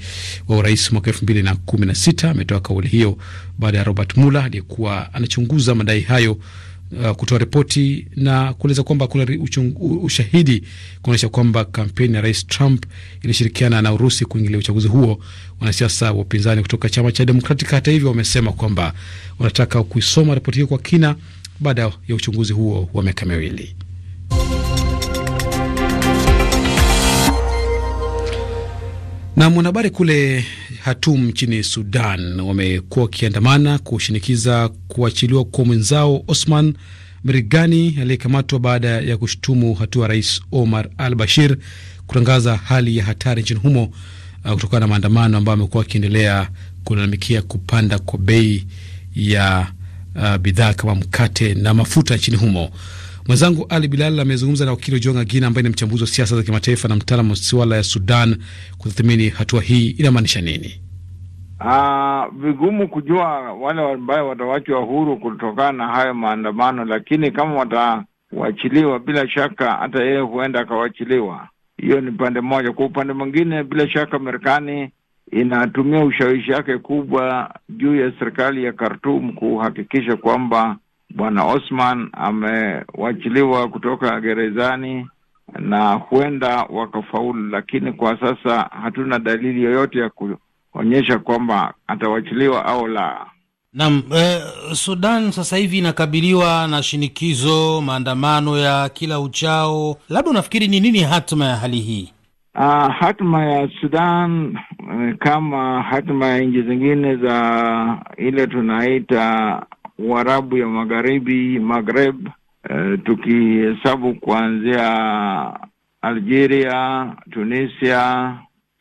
A: wa urais mwaka elfu mbili na kumi na sita. Ametoa kauli hiyo baada ya Robert Mueller aliyekuwa anachunguza madai hayo uh, kutoa ripoti na kueleza kwamba kuna ushahidi kuonyesha kwamba kampeni ya rais Trump ilishirikiana na Urusi kuingilia uchaguzi huo. Wanasiasa wa upinzani kutoka chama cha Demokratika, hata hivyo, wamesema kwamba wanataka kuisoma ripoti hiyo kwa kina baada ya uchunguzi huo wa miaka miwili. Na mwanahabari kule Hatum nchini Sudan wamekuwa wakiandamana kushinikiza kuachiliwa kwa mwenzao Osman mrigani aliyekamatwa baada ya kushutumu hatua Rais Omar al Bashir kutangaza hali ya hatari nchini humo uh, kutokana na maandamano ambayo amekuwa akiendelea kulalamikia kupanda kwa bei ya uh, bidhaa kama mkate na mafuta nchini humo. Mwenzangu Ali Bilal amezungumza na wakili jonga Gina ambaye ni mchambuzi wa siasa za kimataifa na mtaalamu wa suala ya Sudan kutathmini hatua hii inamaanisha nini.
E: Aa, ah, vigumu kujua wale ambayo watawachwa huru kutokana na hayo maandamano, lakini kama watawachiliwa, bila shaka hata yeye huenda akawachiliwa. Hiyo ni pande moja. Kwa upande mwingine, bila shaka Marekani inatumia ushawishi wake kubwa juu ya serikali ya Khartoum kuhakikisha kwamba Bwana Osman amewachiliwa kutoka gerezani na huenda wakafaulu, lakini kwa sasa hatuna dalili yoyote ya kuonyesha kwamba atawachiliwa au la.
I: Naam. Eh, Sudan sasa hivi inakabiliwa na shinikizo, maandamano ya kila uchao. Labda unafikiri ni nini hatima ya hali hii?
E: Uh, hatima ya Sudan eh, kama hatima ya nchi zingine za ile tunaita Uarabu ya Magharibi, Maghreb, eh, tukihesabu kuanzia Algeria, Tunisia,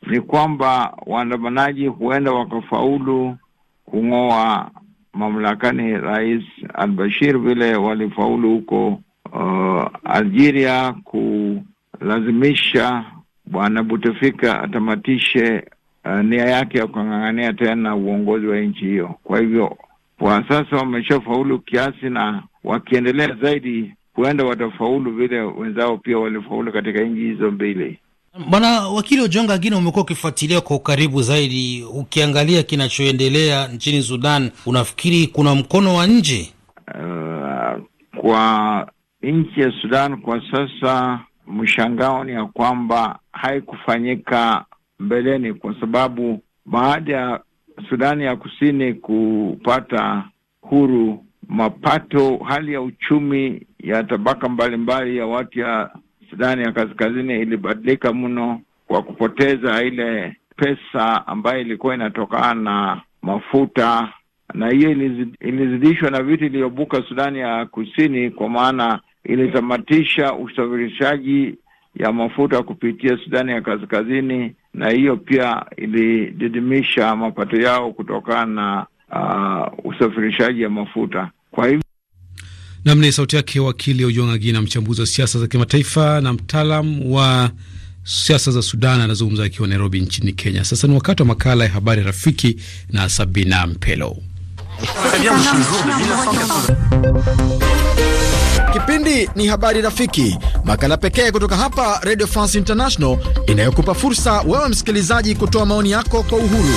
E: ni kwamba waandamanaji huenda wakafaulu kung'oa mamlakani Rais al-Bashir vile walifaulu huko uh, Algeria kulazimisha Bwana Butefika atamatishe uh, nia yake ya kung'ang'ania tena uongozi wa nchi hiyo. Kwa hivyo kwa sasa wameshafaulu kiasi, na wakiendelea zaidi, huenda watafaulu vile wenzao pia walifaulu katika nchi hizo mbili.
I: Bwana Wakili Ojonga Gina, umekuwa ukifuatilia kwa ukaribu zaidi, ukiangalia kinachoendelea nchini Sudan, unafikiri kuna mkono wa nje
E: uh, kwa nchi ya Sudan kwa sasa? Mshangao ni ya kwamba haikufanyika mbeleni, kwa sababu baada ya Sudani ya Kusini kupata huru, mapato, hali ya uchumi ya tabaka mbalimbali ya watu ya Sudani ya Kaskazini ilibadilika mno kwa kupoteza ile pesa ambayo ilikuwa inatokana na mafuta, na hiyo ilizidishwa na vita iliyobuka Sudani ya Kusini, kwa maana ilitamatisha usafirishaji ya mafuta kupitia Sudani ya Kaskazini na hiyo pia ilididimisha mapato yao kutokana na uh, usafirishaji wa mafuta. Kwa hivyo
A: nam ni sauti yake wakili Ojuang Agina, mchambuzi wa siasa za kimataifa na mtaalam wa siasa za Sudan, anazungumza akiwa Nairobi nchini Kenya. Sasa ni wakati wa makala ya habari rafiki na Sabina Mpelo
H: Kipindi ni Habari Rafiki, makala pekee kutoka hapa Radio France International inayokupa fursa wewe msikilizaji kutoa
G: maoni yako kwa uhuru.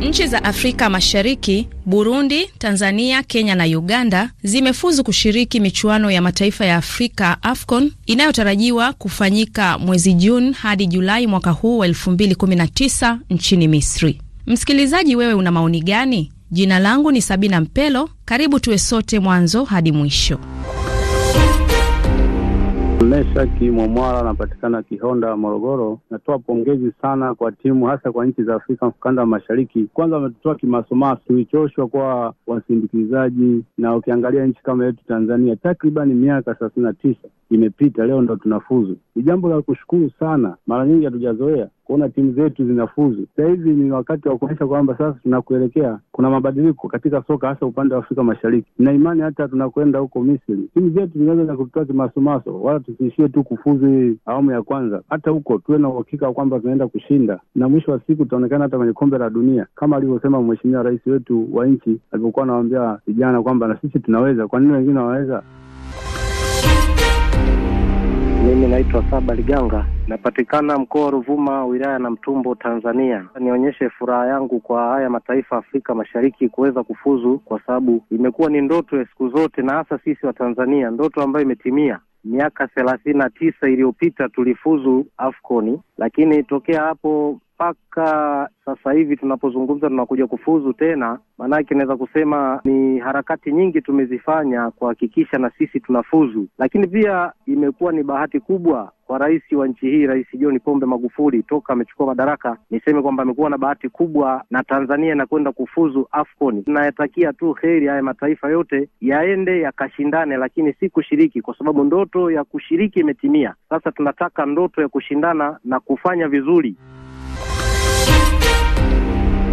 G: Nchi za Afrika Mashariki, Burundi, Tanzania, Kenya na Uganda zimefuzu kushiriki michuano ya mataifa ya Afrika AFCON inayotarajiwa kufanyika mwezi Juni hadi Julai mwaka huu wa 2019 nchini Misri. Msikilizaji, wewe una maoni gani? Jina langu ni Sabina Mpelo, karibu tuwe sote mwanzo hadi mwisho.
K: Meshaki Mwamwara anapatikana Kihonda, Morogoro. Natoa pongezi sana kwa timu, hasa kwa nchi za Afrika ukanda wa mashariki. Kwanza wametutoa kimasomaso, tulichoshwa kwa wasindikizaji, na ukiangalia nchi kama yetu Tanzania takribani miaka thelathini na tisa imepita, leo ndo tunafuzu. Ni jambo la kushukuru sana, mara nyingi hatujazoea kuona timu zetu zinafuzu. Sasa hivi ni wakati wa kuonyesha kwamba sasa tunakuelekea kuna mabadiliko katika soka, hasa upande wa Afrika Mashariki, na imani hata tunakwenda huko Misri, timu zetu zinaweza za kututoa kimasomaso, wala tusiishie tu kufuzu awamu ya kwanza, hata huko tuwe na uhakika kwamba tunaenda kushinda, na mwisho wa siku tutaonekana hata kwenye kombe la dunia, kama alivyosema Mheshimiwa Rais wetu wa nchi alivyokuwa anawaambia vijana kwamba na sisi tunaweza. Kwa nini wengine wanaweza?
L: Mimi naitwa Saba Liganga, napatikana mkoa wa Ruvuma, wilaya na Mtumbo, Tanzania. Nionyeshe furaha yangu kwa haya mataifa Afrika Mashariki kuweza kufuzu, kwa sababu imekuwa ni ndoto ya siku zote, na hasa sisi wa Tanzania, ndoto ambayo imetimia. Miaka thelathini na tisa iliyopita tulifuzu Afconi, lakini tokea hapo mpaka sasa hivi tunapozungumza tunakuja kufuzu tena, maanake naweza kusema ni harakati nyingi tumezifanya kuhakikisha na sisi tunafuzu, lakini pia imekuwa ni bahati kubwa kwa rais wa nchi hii, Rais John Pombe Magufuli toka amechukua madaraka, niseme kwamba amekuwa na bahati kubwa na Tanzania inakwenda kufuzu AFCON. Tunayatakia tu heri haya mataifa yote yaende yakashindane, lakini si kushiriki, kwa sababu ndoto ya kushiriki imetimia. Sasa tunataka ndoto ya kushindana na kufanya vizuri.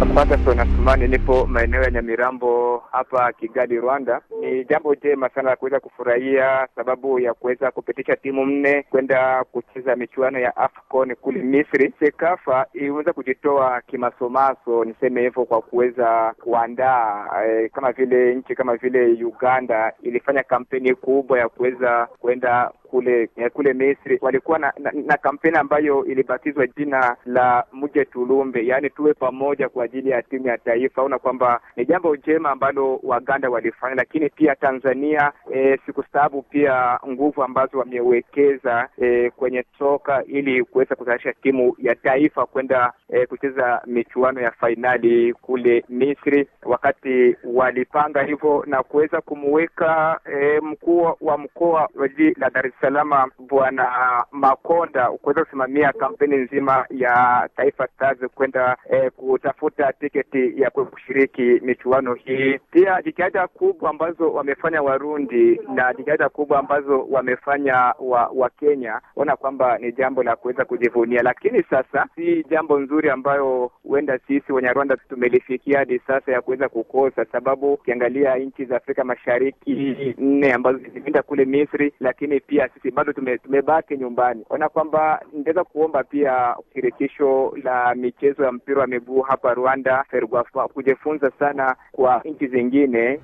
M: Patterson Sumani, nipo maeneo ya Nyamirambo hapa Kigali, Rwanda. Ni jambo jema sana la kuweza kufurahia sababu ya kuweza kupitisha timu nne kwenda kucheza michuano ya AFCON kule Misri. Sekafa iliweza kujitoa kimasomaso, niseme hivyo, kwa kuweza kuandaa e, kama vile nchi kama vile Uganda ilifanya kampeni kubwa ya kuweza kwenda kule eh, kule Misri walikuwa na, na, na kampeni ambayo ilibatizwa jina la muje tulumbe, yaani tuwe pamoja kwa ajili ya timu ya taifa. Una kwamba ni jambo jema ambalo Waganda walifanya, lakini pia Tanzania e, eh, sikustahabu pia nguvu ambazo wamewekeza eh, kwenye soka ili kuweza kutayarisha timu ya taifa kwenda eh, kucheza michuano ya fainali kule Misri, wakati walipanga hivyo na kuweza kumuweka eh, mkuu wa mkoa wa jiji la Dar es salama Bwana uh, Makonda kuweza kusimamia kampeni nzima ya Taifa Stars kwenda eh, kutafuta tiketi ya kushiriki michuano hii. Pia jitihada kubwa ambazo wamefanya Warundi na jitihada kubwa ambazo wamefanya wa Wakenya, ona kwamba ni jambo la kuweza kujivunia, lakini sasa si jambo nzuri ambayo huenda sisi rwanda tumelifikia hadi sasa ya kuweza kukosa, sababu ukiangalia nchi za Afrika Mashariki nne ambazo zilipinda kule Misri, lakini pia sisi bado tume, tumebaki nyumbani. Ona kwamba nitaweza kuomba pia shirikisho la michezo ya mpira wa miguu hapa Rwanda FERWAFA kujifunza sana kwa nchi zingine.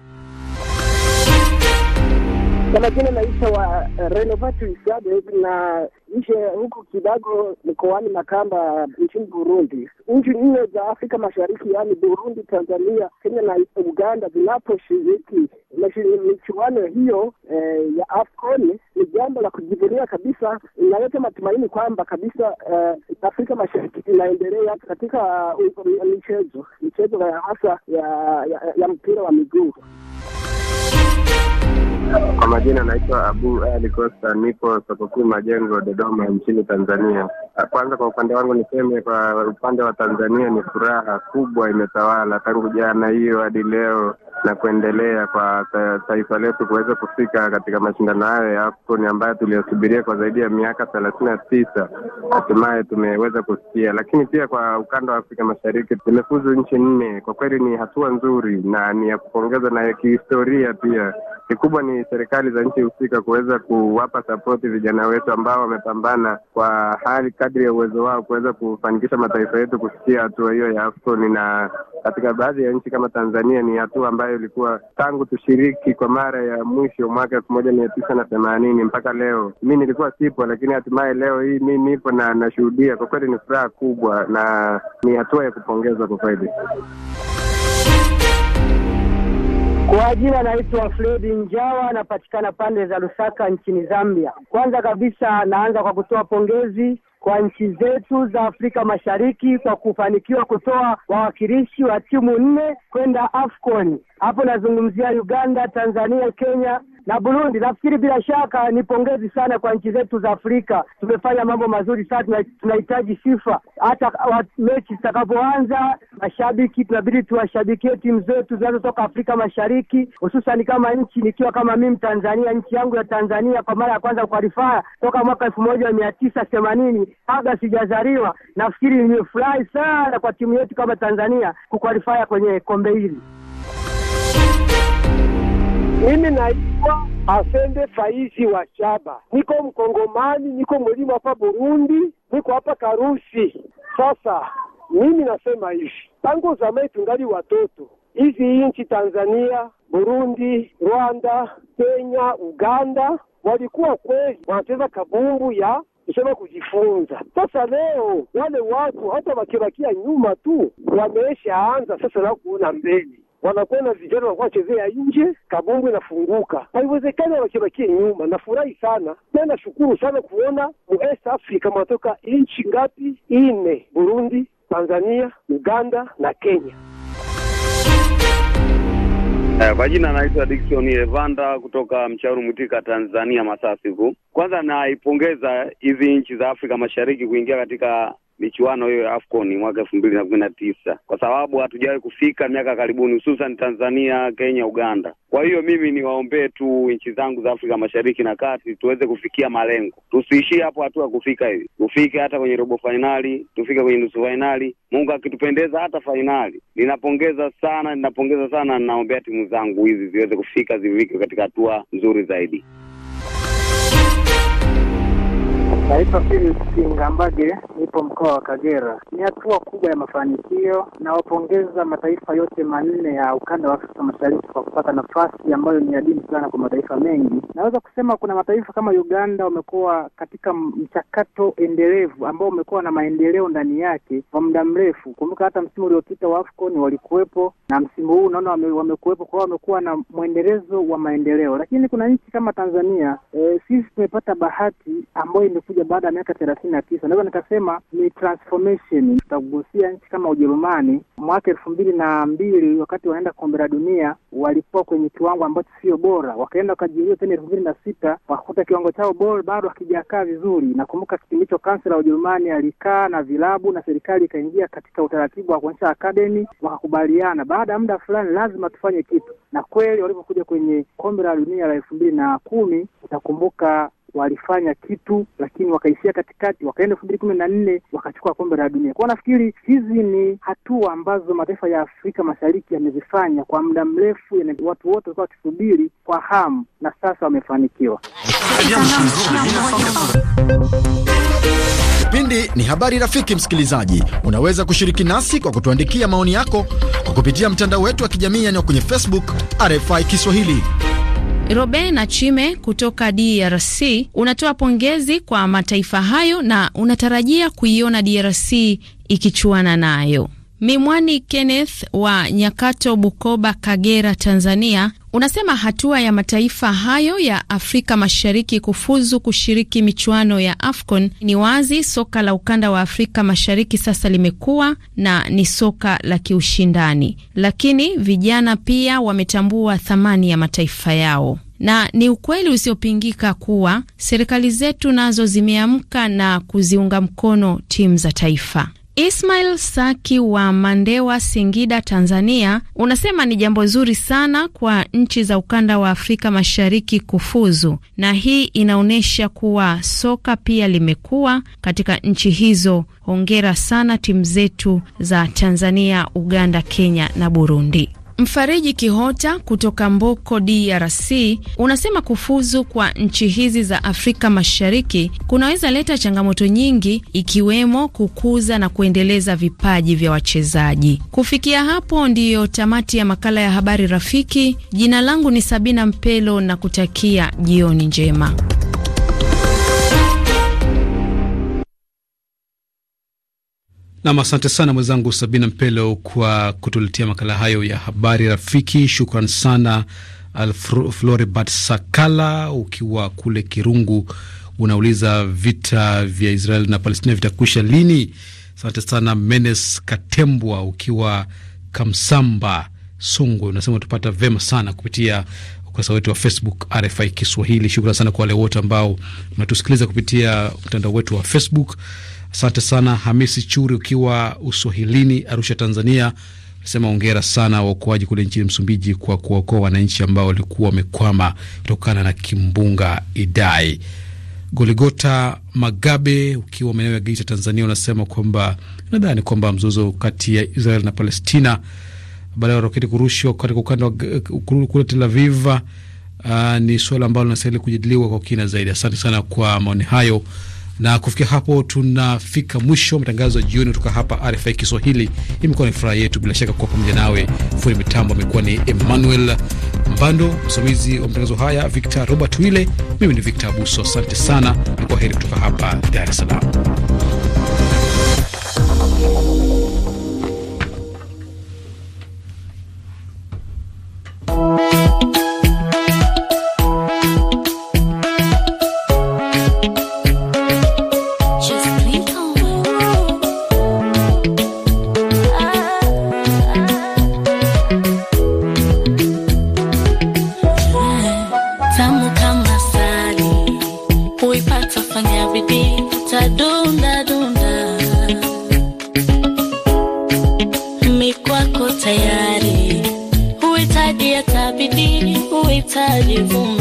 L: Kwa majina naisha wa uh, Renovatu na nje huku Kidago mkoani Makamba uh, nchini Burundi. Nchi nne za Afrika Mashariki yaani Burundi, Tanzania, Kenya na Uganda zinaposhiriki michuano hiyo eh, ya AFCON ni jambo la kujivunia kabisa. Inaleta matumaini kwamba kabisa eh, Afrika Mashariki
D: inaendelea katika uh, michezo michezo hasa ya, ya, ya mpira wa miguu.
K: Kwa majina anaitwa Abu Ali Costa, nipo soko kuu Majengo, Dodoma nchini Tanzania. Kwanza kwa upande wangu niseme, kwa upande wa Tanzania ni furaha kubwa imetawala tangu jana hiyo hadi leo na kuendelea kwa taifa letu kuweza kufika katika mashindano hayo ya AFCON ambayo tuliyosubiria kwa zaidi ya miaka thelathini na tisa hatimaye tumeweza kusikia. Lakini pia kwa ukanda wa Afrika Mashariki tumefuzu nchi nne. Kwa kweli ni hatua nzuri na ni ya kupongeza na ya kihistoria pia. Kikubwa ni serikali za nchi husika kuweza kuwapa sapoti vijana wetu ambao wamepambana kwa hali kadri ya uwezo wao kuweza kufanikisha mataifa yetu kufikia hatua hiyo ya AFCON, na katika baadhi ya nchi kama Tanzania ni hatua ambayo ilikuwa tangu tushiriki kwa mara ya mwisho mwaka elfu moja mia tisa na themanini mpaka leo. Mi nilikuwa sipo, lakini hatimaye leo hii mi nipo na nashuhudia. Kwa kweli ni furaha kubwa na ni hatua ya kupongezwa kwa kweli.
L: Kwa jina naitwa Fredi Njawa, napatikana pande za Lusaka nchini Zambia. Kwanza kabisa naanza kwa kutoa pongezi kwa nchi zetu za Afrika Mashariki kwa kufanikiwa kutoa wawakilishi wa timu nne kwenda AFCON. Hapo nazungumzia Uganda, Tanzania, Kenya na Burundi. Nafikiri bila shaka ni pongezi sana kwa nchi zetu za Afrika, tumefanya mambo mazuri sana. Tunahitaji sifa, hata mechi zitakapoanza, mashabiki tunabidi tuwashabikie timu zetu zinazotoka Afrika Mashariki, hususan kama nchi, nikiwa kama mimi Tanzania, nchi yangu ya Tanzania kwa mara ya kwanza kuarifaa toka mwaka elfu moja mia tisa themanini kabla sijazaliwa. Nafikiri nimefurahi sana kwa timu yetu kama Tanzania kukwalifaya kwenye kombe hili.
D: Mimi naitwa Asende Faizi wa Shaba, niko Mkongomani, niko mlima hapa Burundi, niko hapa Karusi. Sasa mimi nasema hivi, tangu zamani tungali watoto, hizi nchi Tanzania, Burundi, Rwanda, Kenya, Uganda walikuwa kweli wanacheza kabumbu ya kusema kujifunza. Sasa leo wale watu hata wakibakia nyuma tu wameshaanza sasa na kuona mbele wanakwenda vijana wanakuwa chezea nje, kabombo inafunguka. Haiwezekani wakibakie nyuma. Nafurahi sana na nashukuru sana kuona mu East Africa nchi ngapi? Ine: Burundi, Tanzania, Uganda na Kenya.
M: Eh, kwa jina naitwa Dickson Evanda kutoka Mchauru Mwitika, Tanzania, masaa siku. Kwanza naipongeza hizi nchi za Afrika Mashariki kuingia katika michuano hiyo ya AFCON mwaka elfu mbili na kumi na tisa kwa sababu hatujawahi kufika miaka karibuni, hususan Tanzania, Kenya, Uganda. Kwa hiyo mimi niwaombee tu nchi zangu za Afrika Mashariki na Kati tuweze kufikia malengo, tusiishie hapo hatua ya kufika hivi, tufike hata kwenye robo fainali, tufike kwenye nusu fainali, Mungu akitupendeza hata fainali. Ninapongeza sana, ninapongeza sana, ninaombea timu zangu hizi ziweze kufika, zivike katika hatua nzuri zaidi.
L: Naitwa Felix Ngambage, nipo mkoa wa Kagera. Ni hatua kubwa ya mafanikio, nawapongeza mataifa yote manne ya ukanda wa Afrika Mashariki kwa kupata nafasi ambayo ni adimu sana kwa mataifa mengi. Naweza kusema kuna mataifa kama Uganda wamekuwa katika mchakato endelevu ambao umekuwa na maendeleo ndani yake kwa muda mrefu. Kumbuka hata msimu uliopita wa AFCON walikuwepo na msimu huu unaona wamekuwepo kwa wamekuwa na mwendelezo wa maendeleo, lakini kuna nchi kama Tanzania e, sisi tumepata bahati ambayo imekuja imekuja baada ya miaka thelathini na tisa. Naweza nikasema ni transformation. Tutagusia nchi kama Ujerumani mwaka elfu mbili na mbili wakati wanaenda kombe la dunia walikuwa kwenye kiwango ambacho sio bora, wakaenda wakajiuliwa tena elfu mbili na sita wakakuta kiwango chao bora bado hakijakaa vizuri. Nakumbuka kipindi hicho kansela wa Ujerumani alikaa na vilabu na serikali ikaingia katika utaratibu wa kuonyesha akademi, wakakubaliana baada ya muda fulani lazima tufanye kitu, na kweli walipokuja kwenye kombe la dunia la elfu mbili na kumi utakumbuka walifanya kitu lakini wakaishia katikati, wakaenda elfu mbili kumi na nne wakachukua kombe la dunia kwao. Nafikiri hizi ni hatua ambazo mataifa ya Afrika Mashariki yamezifanya kwa muda mrefu, watu wote walikuwa wakisubiri kwa hamu na sasa wamefanikiwa.
H: Kipindi ni habari rafiki. Msikilizaji, unaweza kushiriki nasi kwa kutuandikia maoni yako kwa kupitia mtandao wetu wa kijamii, yaani kwenye Facebook RFI Kiswahili.
G: Roben Nachime kutoka DRC unatoa pongezi kwa mataifa hayo na unatarajia kuiona DRC ikichuana nayo. Mimwani Kenneth wa Nyakato, Bukoba, Kagera, Tanzania unasema hatua ya mataifa hayo ya Afrika Mashariki kufuzu kushiriki michuano ya AFCON ni wazi, soka la ukanda wa Afrika Mashariki sasa limekuwa na ni soka la kiushindani, lakini vijana pia wametambua thamani ya mataifa yao na ni ukweli usiopingika kuwa serikali zetu nazo zimeamka na kuziunga mkono timu za taifa. Ismail Saki wa Mandewa, Singida, Tanzania, unasema ni jambo zuri sana kwa nchi za ukanda wa Afrika Mashariki kufuzu, na hii inaonyesha kuwa soka pia limekuwa katika nchi hizo. Hongera sana timu zetu za Tanzania, Uganda, Kenya na Burundi. Mfariji Kihota kutoka Mboko, DRC, unasema kufuzu kwa nchi hizi za Afrika Mashariki kunaweza leta changamoto nyingi, ikiwemo kukuza na kuendeleza vipaji vya wachezaji. Kufikia hapo, ndiyo tamati ya makala ya habari rafiki. Jina langu ni Sabina Mpelo na kutakia jioni njema.
A: Nam, asante sana mwenzangu Sabina Mpelo kwa kutuletea makala hayo ya habari rafiki. Shukran sana Floribat Sakala ukiwa kule Kirungu, unauliza vita vya Israel na Palestina vitakwisha lini? Asante sana Menes Katembwa ukiwa Kamsamba Songwe, unasema tupata vema sana kupitia ukurasa wetu wa Facebook RFI Kiswahili. Shukran sana kwa wale wote ambao mnatusikiliza kupitia mtandao wetu wa Facebook. Asante sana Hamisi Churi ukiwa Uswahilini, Arusha, Tanzania. Sema ongera sana waokoaji kule nchini Msumbiji kwa kuwaokoa wananchi ambao walikuwa wamekwama kutokana na kimbunga Idai. Goligota Magabe ukiwa maeneo ya Geita, Tanzania, unasema kwamba nadhani kwamba mzozo kati ya Israel na Palestina baada ya roketi kurushwa katika ukanda wa kule Tel Aviv, uh, ni suala ambalo linastahili kujadiliwa kwa kina zaidi. Asante sana kwa maoni hayo. Na kufikia hapo tunafika mwisho matangazo ya jioni kutoka hapa RFI Kiswahili. Imekuwa ni furaha yetu bila shaka kuwa pamoja nawe. Fundi mitambo amekuwa ni Emmanuel Mbando, msimamizi wa matangazo haya Victor Robert Wile, mimi ni Victor Abuso. Asante sana ni kwa heri kutoka hapa Dar es Salaam.
N: vontade, vontade.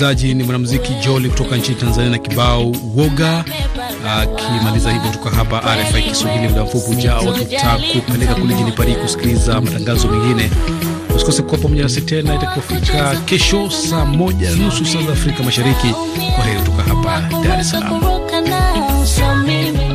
A: msikilizaji, ni mwanamuziki Joli kutoka nchini Tanzania na kibao woga akimaliza hivyo kutoka hapa RFI Kiswahili. Muda mfupi ujao tutakupeleka kule jini Paris kusikiliza matangazo mengine. Usikose kuwa pamoja nasi tena itakapofika kesho saa moja nusu saa za Afrika Mashariki. Kwa heri kutoka hapa Dar es
N: Salaam.